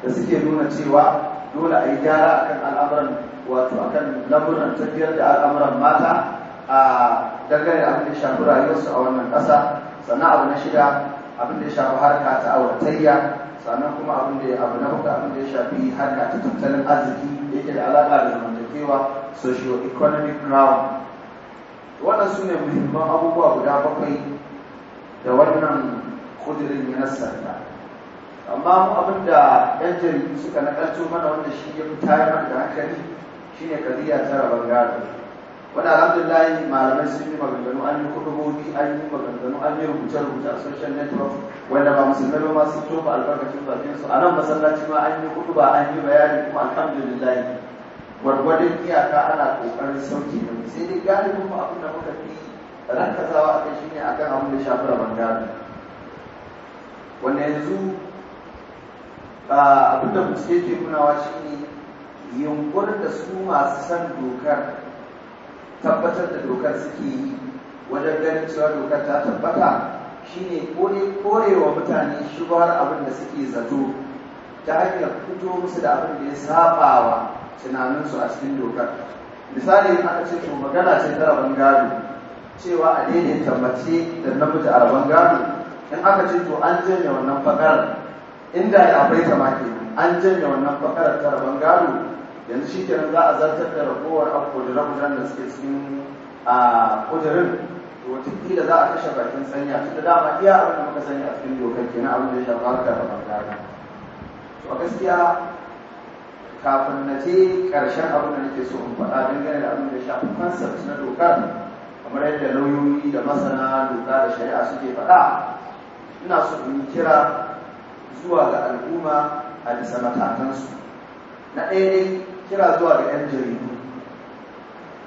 da suke nuna cewa dole a yi gyara a kan al'amuran wato a kan lamuran tafiyar da al'amuran mata a dangane da abin da shafi rayuwarsu a wannan ƙasa sannan abu na shida abin da ya shafi harka ta auratayya sannan kuma abin da abu na hukar abin da ya shafi harka ta tattalin arziki yake da alaƙa da zamantakewa socio-economic ground wannan su ne muhimman abubuwa guda bakwai da wannan kudirin ya nasarta amma mu abin da yan jaridu suka nakalto mana wanda shi ya fi tayar da hankali shine kadiya ta rabon gado wanda alhamdulillah malamai sun yi maganganu an yi kudubobi an yi maganganu an yi rubuce-rubuce a social network wanda ba musulmai ba masu tofa albarkacin bakinsu su a nan masallaci ma an yi kudu ba an yi bayani kuma alhamdulillah gwargwadon iyaka ana kokarin sauki da sai dai galibin mu abin da muka fi rankazawa a kai shine akan abin da shafi rabon gado wanda yanzu abin da bincike ke shine yunkurin da su masu san dokar tabbatar da dokar suke yi wajen ganin cewa dokar ta tabbata shine korewa mutane shigar abin da suke zato ta hanyar fito musu da abin da ya saba wa tunaninsu a cikin dokar misali in aka ce magana ce ta rabon gado cewa a daidai tabbace da namiji a rabon gado in aka ce to an janye wannan fakar inda ya bai ta ma an janye wannan fakar ta rabon gado yanzu shi kenan za a zartar da ragowar abu da suke cikin a kudurin da za a kashe bakin sanya ta dama iya abin da muka sanya a cikin dokar kenan abin da ya shafa da bangaren to a gaskiya kafin na je ƙarshen abin da nake so in faɗa dangane da abin da ya shafa concept na dokar kamar yadda lauyoyi da masana doka da shari'a suke faɗa ina so in kira zuwa ga al'umma a bisa matakansu na ɗaya dai kira zuwa ga 'yan jaridu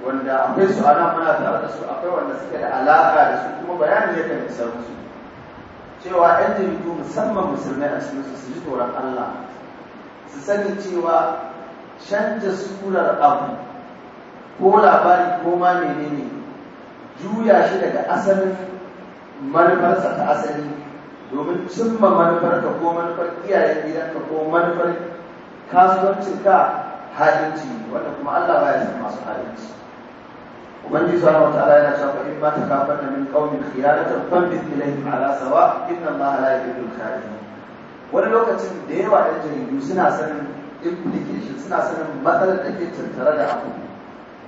wanda akwai su a nan tare da su akwai wanda suke da alaƙa da su kuma bayani ya kan isar musu cewa 'yan jaridu musamman musulmai a cikin su ji tsoron Allah su sani cewa canja surar abu ko labari ko ma menene juya shi daga asalin manufarsa ta asali domin cimma manufarka ko manufar iyayen gidanka ko manufar kasuwancinka ha'inci wanda kuma Allah baya san masu Kuma ubangiji subhanahu wa ta'ala yana cewa in ma takafanna min qaumin khiyaratan fambit ilayhim ala sawa inna Allah la yuhibbu al-khayrin wani lokacin da yawa ɗan jaridu suna sanin implication suna sanin matsalar da ke tattare da abu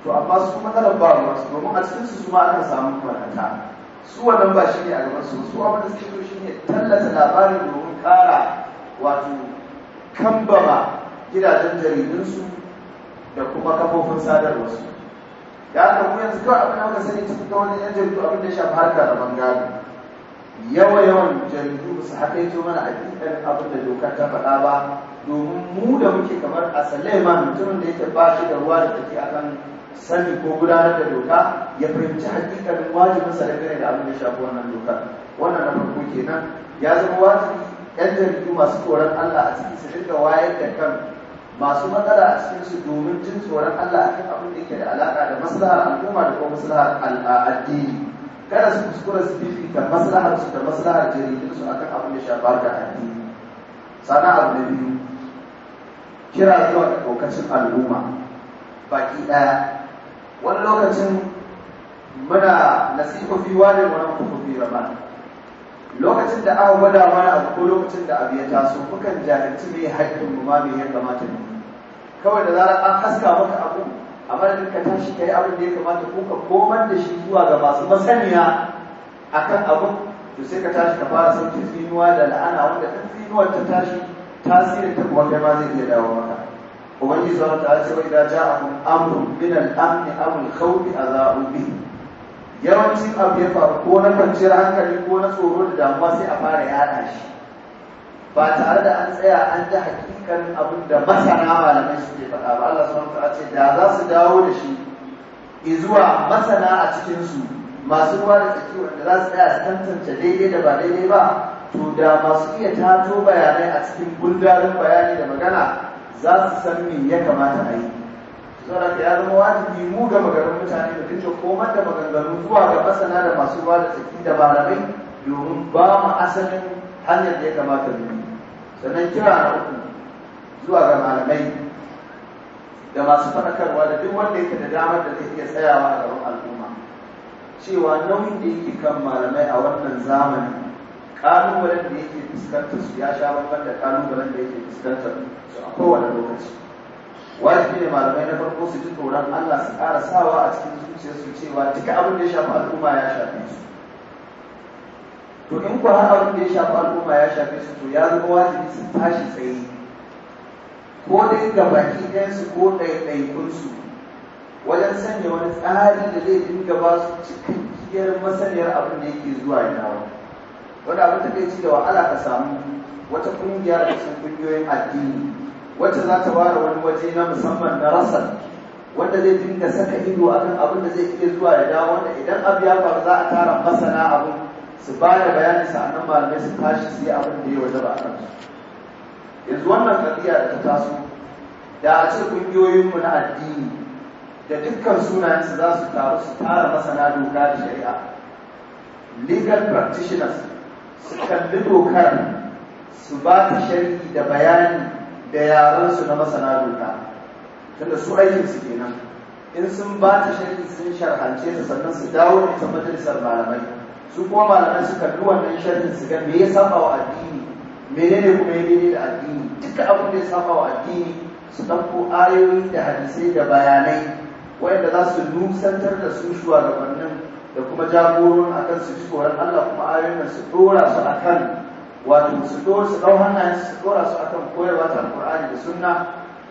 to amma su matsalar ba ruwa su domin a cikin su su ma aka samu kwanata su wannan ba shi ne a gaban su su abin da suke shi ne tallata labarin domin ƙara wato kambama gidajen jaridunsu da kuma kafofin sadarwa su Ya aka mu yanzu kawai abin da muka sani cikin ta wani yan jaridu abin da shafi harka da bangare yawa yawan jaridu su haka yato mana a ƙiƙar abin da doka ta faɗa ba domin mu da muke kamar a ma mutumin da yake ba shi da ruwa da take akan sani ko gudanar da doka ya fahimci hakikalin wajibinsa da gane da abin da shafi wannan doka wannan na farko kenan ya zama wajibi yan jaridu masu tsoron Allah a ciki su dinga wayar da kan masu matsala a cikin su domin jin tsoron Allah akan abin da yake da alaka da maslaha al'umma da kuma maslaha addini kada su kuskura su da maslahar su da maslahar jirgin su akan abin da shafar da addini sana abu na biyu kira zuwa ga lokacin al'umma baki ɗaya wani lokacin muna nasihofi wani wani kufufi rama lokacin da aka gwada wani abu ko lokacin da abu ya taso mukan jahilci mai haƙƙin mu ma mai yadda kamata mu kawai da zarar an haska maka abu a madadin ka tashi ka yi abin da ya kamata ko ka komar da shi zuwa ga masu masaniya a kan abin to sai ka tashi ka fara son zinuwa da la'ana wanda ta ta tashi tasirin ta kuma kai ma zai iya dawo maka ubangiji subhanahu ta'ala sai idan ja'akum amrun min al-amn aw al-khawf adha'u bihi yawancin abu ya faru ko na kwanciyar hankali ko na tsoro da damuwa sai a fara yada shi ba tare da an tsaya an ji hakikan abin da masana malamai suke faɗa ba Allah subhanahu wa ce da za su dawo da shi izuwa masana a cikin su masu ruwa da tsaki wanda za su tsaya su tantance daidai da ba daidai ba to da masu iya tato bayanai a cikin gundarin bayani da magana za su san me ya kamata a yi saboda ya zama wajibi mu ga magarin mutane da dinga komar da maganganu zuwa ga masana da masu ruwa da tsaki da malamai domin ba mu asalin hanyar da ya kamata mu sannan kira na uku zuwa ga malamai da masu faɗakarwa da duk wanda yake da damar da zai iya tsayawa a gaban al'umma cewa nauyin da yake kan malamai a wannan zamani ƙalubalen da yake fuskantar su ya sha bambam da ƙalubalen da yake fuskantar su a kowane lokaci wajibi ne malamai na farko su ji tsoron Allah su ƙara sawa a cikin zuciyarsu cewa duka abin da ya shafi al'umma ya shafe su to in ku har abin da ya shafi al'umma ya shafi su to ya zama wajibi su tashi tsaye ko dai ga baki su ko su wajen sanya wani tsari da zai dinga ba su cikakkiyar masaniyar abin da yake zuwa yawo wanda abin da kai ci da wahala ka samu wata ƙungiya da cikin ƙungiyoyin addini wacce za ta ware wani waje na musamman na rasar wanda zai dinga saka ido akan abin da zai iya zuwa ya dawo wanda idan abu ya faru za a tara masana abin su ba da bayanin sa'annan malamai su tashi su yi abin da ya waje ba kansu yanzu wannan kadiya da ta taso da a ce kungiyoyinmu na addini da dukkan sunayen su za su taru su tara masana doka da shari'a legal practitioners su kalli dokar su ba ta shari'i da bayani da yaransu na masana doka tunda su aikinsu kenan in sun ba ta shari'i sun sharhance ta sannan su dawo da ta majalisar malamai su kuma malaman suka bi wannan shirin su ga me ya saba wa addini menene kuma ya daidai da addini duka abin da ya saba wa addini su ɗauko ayoyi da hadisai da bayanai wanda za su nusantar da su shuwa da kuma jagoron akan su ji tsoron Allah kuma ayoyin su dora su akan wato su dora su dau hannayen su dora su akan koyarwa ta Alƙur'ani da Sunna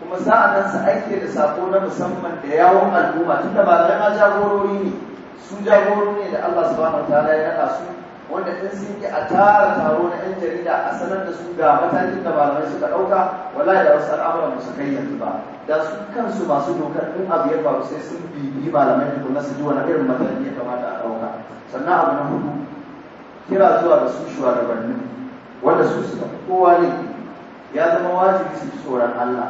kuma sa'annan su aike da sako na musamman da yawon al'umma tunda ba da jagorori ne su jagoro ne da Allah subhanahu wataala ya naɗa su wanda in sun yi a tara taro na 'yan jarida a sanar da su ga matakin da malamai suka ɗauka wala da wasu al'amura su kai yanzu ba da su kansu masu dokar in abu ya faru sai sun bibi malamai da kuma su ji wani irin matakin ya kamata a ɗauka sannan abu na hudu kira zuwa da su shugabannin wanda su suka kowa ne ya zama wajibi su tsoron Allah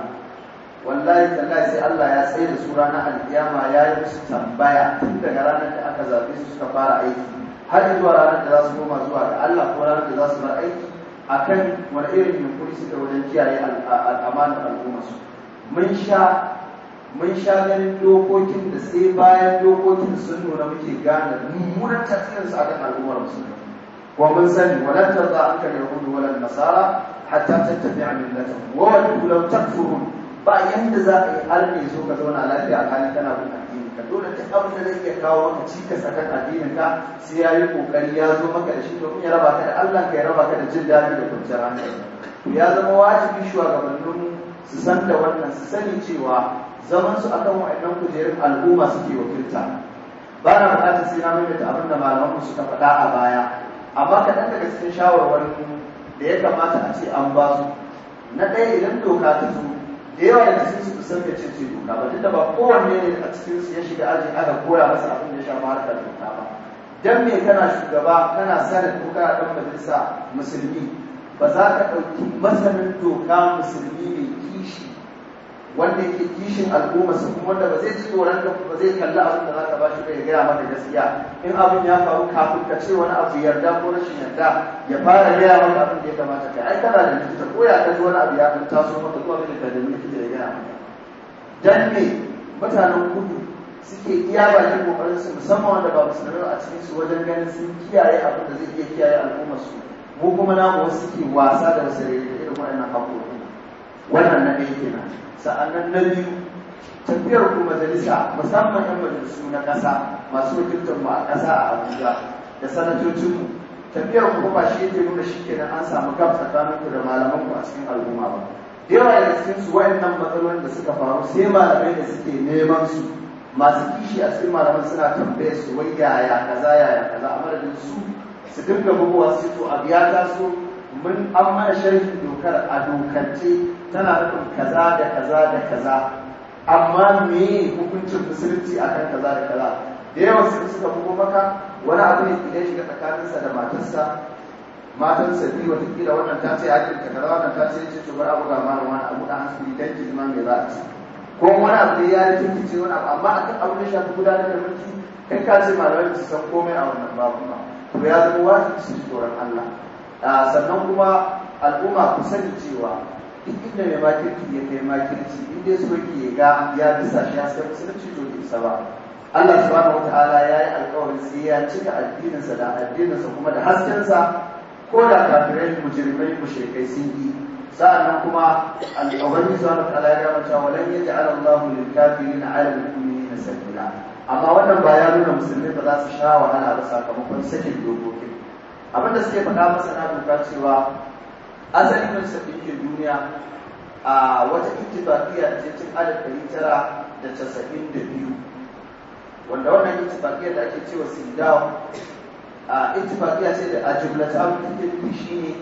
wallahi tallahi sai Allah ya sai da su ranar alkiyama ya yi musu tambaya tun daga ranar da aka zaɓe su suka fara aiki har zuwa ranar da za su koma zuwa da Allah ko ranar da za su bar aiki a kan wani irin yunkuri da wajen kiyaye al'amanar al'umma su mun sha ganin dokokin da sai bayan dokokin sun nuna muke gane mummunan tasirin su akan al'ummar musulmi wa mun sani walan tarda anka yahudu nasara hatta tattabi'a millatahum wa wadu law takfurun ba yadda za a yi halin so ka zauna lafiya a halin kana bin addini ka dole duk abin da zai iya kawo maka cika akan addinin ka sai ya yi kokari ya zo maka da shi domin ya raba ka da Allah ka ya raba ka da jin daɗi da kwanciyar hankali ya zama wajibi shugabannin su san da wannan su sani cewa zaman su akan wa'annan kujerun al'umma suke wakilta ba na buƙatar sai na maimaita abin da malaman ka faɗa a baya amma kaɗan daga cikin shawarwarin da ya kamata a ce an ba su na ɗaya idan doka ta zo da yawa da cikin su kusan da doka ba duk da ba kowanne ne a cikin su ya shiga aji aka koya masa abin da shafa harkar doka ba dan me kana shugaba kana sanin ko kana dan majalisa musulmi ba za ka ɗauki masanin doka musulmi ne wanda yake kishin al'umma su kuma wanda ba zai ci tsoron da ba zai kalli abin da zaka bashi bai gaya maka gaskiya in abin ya faru kafin ka ce wani abu yarda ko rashin yarda ya fara gaya maka abin da ya kamata ka ai kana da likita ko ya ka wani abu ya kan taso maka ko abin da ka da likita ya gaya maka dan me mutanen kudu suke iya bakin kokarin su musamman wanda ba musulmi a cikin su wajen ganin sun kiyaye abin da zai iya kiyaye al'ummar su mu kuma namu suke wasa da wasu irin wannan haƙuri wannan na ɗaya kenan sa'annan na biyu tafiyar ku majalisa musamman yan majalisu na ƙasa masu wakiltar mu a ƙasa a abuja da sanatocin mu tafiyar ku ba shi yake nuna shi kenan an samu gab tsakanin ku da malaman ku a cikin al'umma ba da yawa da cikin su wayannan matsalolin da suka faru sai malamai da suke neman su masu kishi a cikin malaman suna tambaye su wai yaya kaza yaya kaza a madadin su su dinga bugowa su to abu ya taso mun an mana sharhin dokar a dokance tana nufin kaza da kaza da kaza amma me hukuncin musulunci akan kaza da kaza da yawan sun suka bugo maka wani abu ne idan shiga tsakaninsa da matarsa matarsa biyu wata kila wannan ta ce hakin ka kaza wannan ta ce ce bari abu ga mara wani abu da hankali dan ki zama mai za a ci ko wani abu da ya rikin ce wani abu amma akan abu da shafi gudanar da mulki kai ka ce malamai su san komai a wannan babu ba to ya zama wajibi su tsoron Allah ah, sannan kuma al'umma ku sani cewa inda mai makirci ya kai makirci in dai so ya ga ya bisa shi ya sai musulunci to bisa ba Allah subhanahu wataala ya yi alkawarin sai ya cika addininsa da addininsa kuma da haskensa ko da kafirai mujrimai mushrikai sun yi sa'annan kuma alƙawarin subhanahu wataala ya gama cewa walan yaj'ala Allahu lil kafirina 'ala al-mu'minina sabila amma wannan ba ya nuna musulmai ba za su sha wahala ba sakamakon sakin dokokin abinda suke faɗa masana doka cewa asali sabbin ke duniya a wata ittifaqiya da cikin adad ɗari tara da casa'in da biyu wanda wannan ittifaqiya da ake cewa sindawa a ittifaqiya ce da a abu abin da shi ne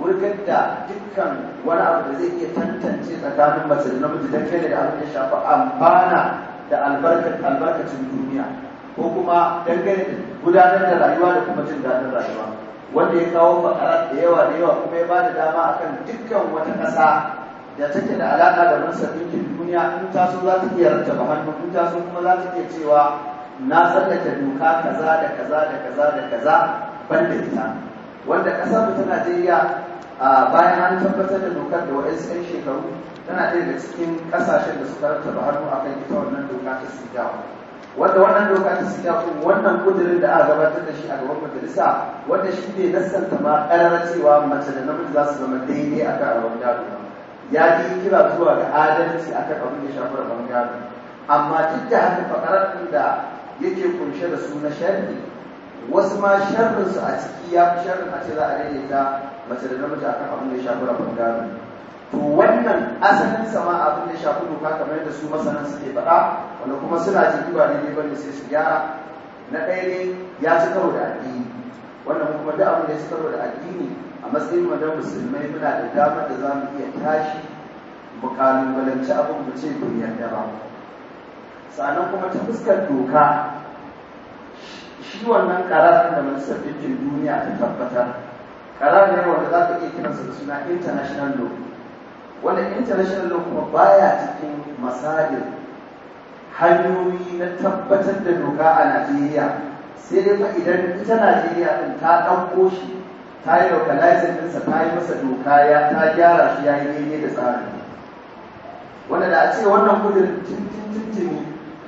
wurgar da dukkan wani abu da zai iya tantance tsakanin mace da namiji don kai da abin da shafa amfana da albarkacin duniya ko kuma dangane da gudanar da rayuwa da kuma jin daɗin rayuwa wanda ya kawo fakara da yawa da yawa kuma ya bada dama akan dukkan wata ƙasa da take da alaƙa da nasa dukkan duniya in ta so za ta iya rattaba hannu in ta so kuma za ta iya cewa na tsallake doka kaza da kaza da kaza da kaza ban da ita wanda ƙasar mu ta Najeriya bayan an tabbatar da dokar da wa'ansu 'yan shekaru tana ɗaya da cikin ƙasashen da suka rattaba hannu akan ita wannan doka ta sigawa wanda wannan doka ta sika ko wannan kudirin da aka gabatar da shi a gaban majalisa wanda shi ne nasanta ma ƙarara cewa mace da namiji za su zama daidai a kan rabon gado ya ji kira zuwa ga adalci a kan abin da shafi rabon gado amma duk da haka fakarar da yake kunshe da su na sharri wasu ma sharrinsu a ciki ya fi sharrin a ce za a daidaita mace da namiji a kan abin da shafi rabon gado to wannan asalin sama abin da shafi doka kamar da su masanan suke faɗa wanda kuma suna jiki ba daidai ne sai su gyara na ɗaya ne ya ci karo da addini wannan kuma duk abin da ya ci karo da addini a matsayin mu musulmai muna da damar da za mu iya tashi mu kalubalanci abin mu ce bai yarda ba sannan kuma ta fuskar doka shi wannan ƙararin da majalisar ɗinkin duniya ta tabbatar ƙararin ne wanda za ka iya kiransa da suna international law wanda international law kuma baya cikin masalin hanyoyi na tabbatar da doka a najeriya sai dai fa idan ita najeriya din ta ɗauko shi ta yi localizing ɗinsa ta yi masa doka ya ta gyara shi ya yi daidai da tsari. wanda da a ce wannan gudun tintintintini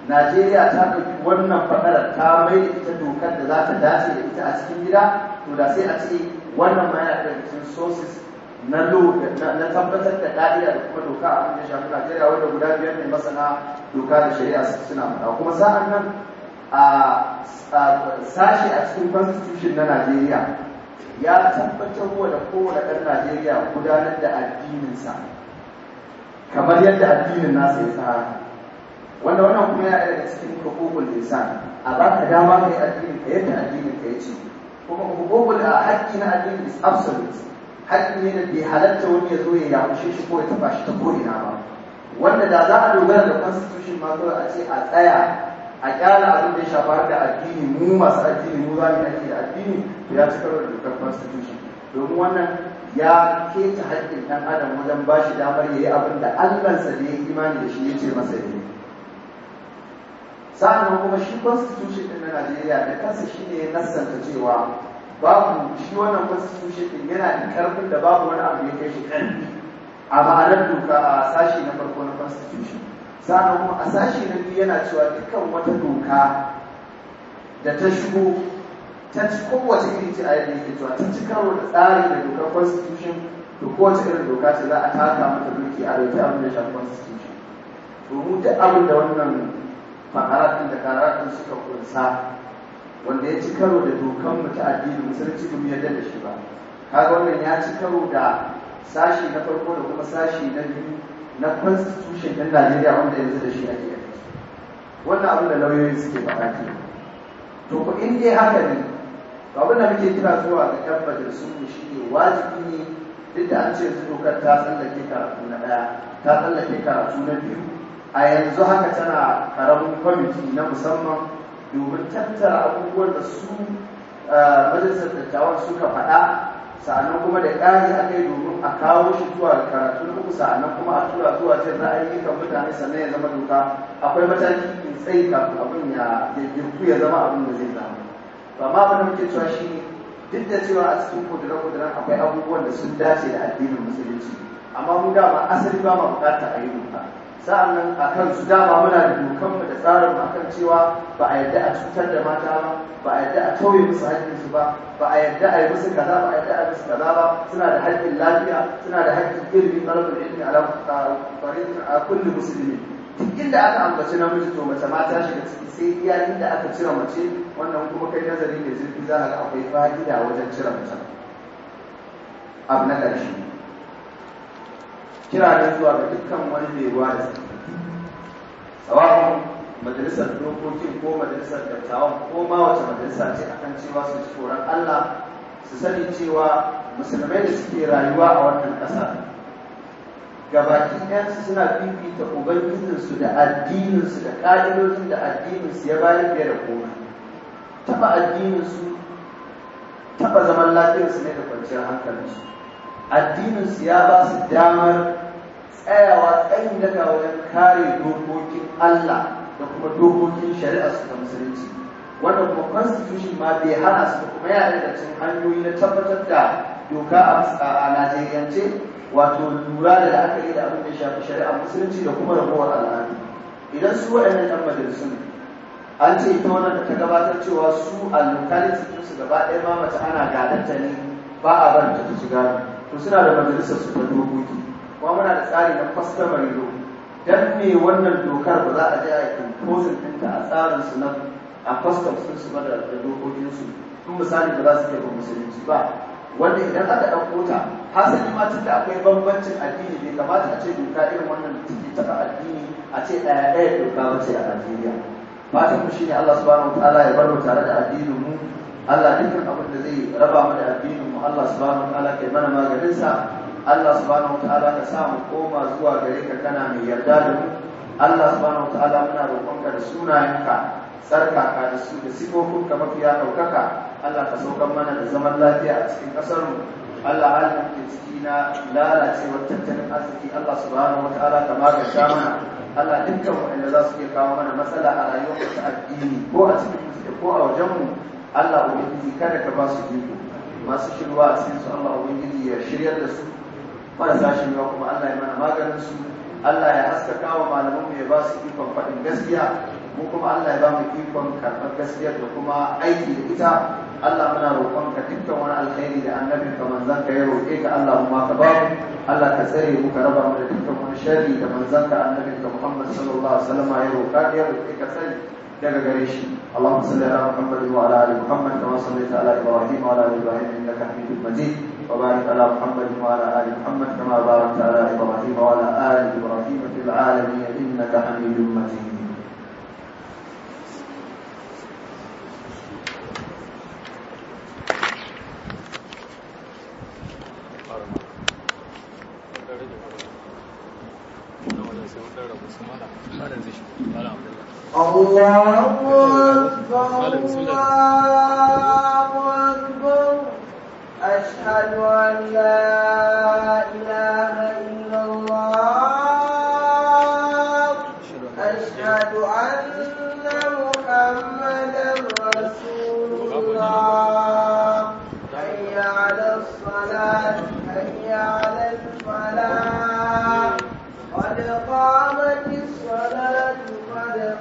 najeriya ta ɗauki wannan faɗarar ta mai da ita dokar da za ta dace da ita a cikin gida to da sai a ce wannan ma yana cikin sources na na tabbatar da ka'ida da kuma doka a kan shafi Najeriya wanda guda biyar ne masana doka da shari'a suna faɗa kuma sa'an nan a sashe a cikin constitution na Najeriya ya tabbatar wa da kowane ɗan Najeriya gudanar da addininsa kamar yadda addinin nasa ya tsara wanda wannan kuma yana daga cikin hukukul insan a ba ka dama ka yi addinin ka yadda addinin ka ya ce kuma hukukul a haƙƙi na addini is absolute haƙƙi ne da bai halatta wani ya zo ya yamushe shi ko ya taɓa shi ta ko'ina ba wanda da za a dogara da constitution ma a ce a tsaya a kyala abin da ya shafa da addini mu masu addini mu za mu ake da addini to ya cikar da dokar constitution domin wannan ya keta haƙƙin ɗan adam wajen ba shi damar ya yi abin da allansa da ya imani da shi ya ce masa ne sa'annan kuma shi constitution ɗin na najeriya da kansa shine ne ya nassanta cewa babu shi wannan constitution din yana da karfin da babu wani abu ya kai shi kan a ma'anar doka a sashi na farko na constitution sannan kuma a sashi na biyu yana cewa dukkan wata doka da ta shigo ta ci kowace irin ce a yadda yake cewa ta ci karo da tsari da dokar constitution to kowace irin doka ce za a taka mata doki a dauki abin da shafi constitution to mu duk abin da wannan fakaratun da karatun suka kunsa wanda ya ci karo da dokan mu ta addini musulunci ba mu yarda da shi ba kaga wannan ya ci karo da sashi na farko da kuma sashi na biyu na constitution ɗin Najeriya wanda yanzu da shi ake yi wannan abin da lauyoyi suke faɗa ke to ku in dai haka ne to abin da muke kira zuwa ga tabbatar su mu shi wajibi ne duk da an ce yanzu dokar ta tsallake karatu na ɗaya ta tsallake karatu na biyu a yanzu haka tana karamin kwamiti na musamman domin tattara abubuwan da su ah, majalisar dattawan suka faɗa sa'annan kuma da ƙari a kai domin a kawo shi zuwa karatu na uku sa'annan kuma a tura zuwa jin ra'ayi kan mutane sannan ya zama doka akwai mataki in tsayi kafin abin ya girku ya zama abin da zai zama to amma abin da muke cewa shi duk da cewa a cikin kudura kudura akwai abubuwan da sun dace da addinin musulunci amma mu dama asali ba ma buƙatar a yi doka sa'annan a kan su dama muna da dokanmu da tsarin a kan cewa ba a yadda a cutar da mata ba ba a yadda a tauye musu haƙƙinsu ba ba a yadda a yi musu kaza ba a yadda a yi musu kaza ba suna da haƙƙin lafiya suna da haƙƙin ilimi ƙarfin ilimi a kulle musulmi duk inda aka ambaci namiji to mace mata shiga ciki sai iya inda aka cire mace wannan kuma kai nazari da zurfi za a ga akwai fa'ida wajen cire mace abu na ƙarshe kira da zuwa ga dukkan wani mai ruwa da tsawon majalisar dokokin ko majalisar dattawan ko ma wace majalisa ce akan cewa su ci koran Allah su sani cewa musulmai da suke rayuwa a wannan ƙasa gabaki ɗayansu suna fifita ubangijinsu da addininsu da ƙa'idojin da addininsu ya bayar fiye da koma taɓa addininsu taɓa zaman lafiyarsu ne da kwanciyar hankalinsu addinin su ya ba su damar tsayawa tsayin daga wajen kare dokokin Allah da kuma dokokin shari'a su ta musulunci wanda kuma constitution ma bai hana su kuma yana daga cikin hanyoyi na tabbatar da doka a Najeriyance wato lura da la'akari da abin da shafi shari'a musulunci da kuma rabuwar al'adu idan su waɗannan ɗan majalisun an ce ita wannan da ta gabatar cewa su a locality su gaba ɗaya ma mace ana gadanta ne ba a barin ta ci gado to suna da majalisar su da dokoki kuma muna da tsari na customary law dan me wannan dokar ba za a je a imposing ɗinta a tsarin su na a custom sun su da dokokin su kuma misali ba za su kai musulunci ba wanda idan aka ɗauko ta hasali ma tunda akwai bambancin addini bai kamata a ce doka irin wannan take taɓa addini a ce ɗaya ɗaya doka ba ce a Najeriya fatan mu shine Allah subhanahu wa ta'ala ya bar mu tare da addinin mu Allah dukkan abin da zai raba mu da addinin Allah subhanahu wataala kai mana maganin sa Allah subhanahu wataala ka sa mu koma zuwa gare ka kana mai yarda da mu Allah subhanahu wataala muna roƙonka da sunayenka tsarkaka da su da sifofinka mafiya ɗaukaka Allah ka saukar mana da zaman lafiya a cikin ƙasarmu Allah halin da ciki na lalacewar tattalin arziki Allah subhanahu wataala ka magance mana Allah dukkan waɗanda za su iya kawo mana matsala a rayuwar ta addini ko a cikin ko a wajenmu Allah ubangiji kada ka ba su iko masu shiruwa a cikin su Allah ubangiji ya shiryar da su marasa shirwa kuma Allah ya mana maganin su Allah ya haskaka wa malaman mu ya ba su ikon faɗin gaskiya mu kuma Allah ya ba mu ikon karɓar gaskiya da kuma aiki da ita Allah muna roƙon ka dukkan wani alkhairi da annabi ka manzan ka ya roƙe ka Allah mu ka ba mu Allah ka tsare mu ka raba mu da dukkan wani sharri da manzan ka annabi ka Muhammad sallallahu alaihi wasallam ya roƙa ya roƙe ka tsare كما gare اللهم صل على محمد وعلى ال محمد كما صليت على ابراهيم وعلى ال ابراهيم انك حميد مجيد وبارك على محمد وعلى ال محمد كما باركت على ابراهيم وعلى ال ابراهيم في العالمين انك حميد مجيد Thank الله أكبر الله أكبر أشهد أن لا إله إلا الله أشهد أن محمدا رسول الله حي على الصلاة حي على الفلاح قد قامت الصلاة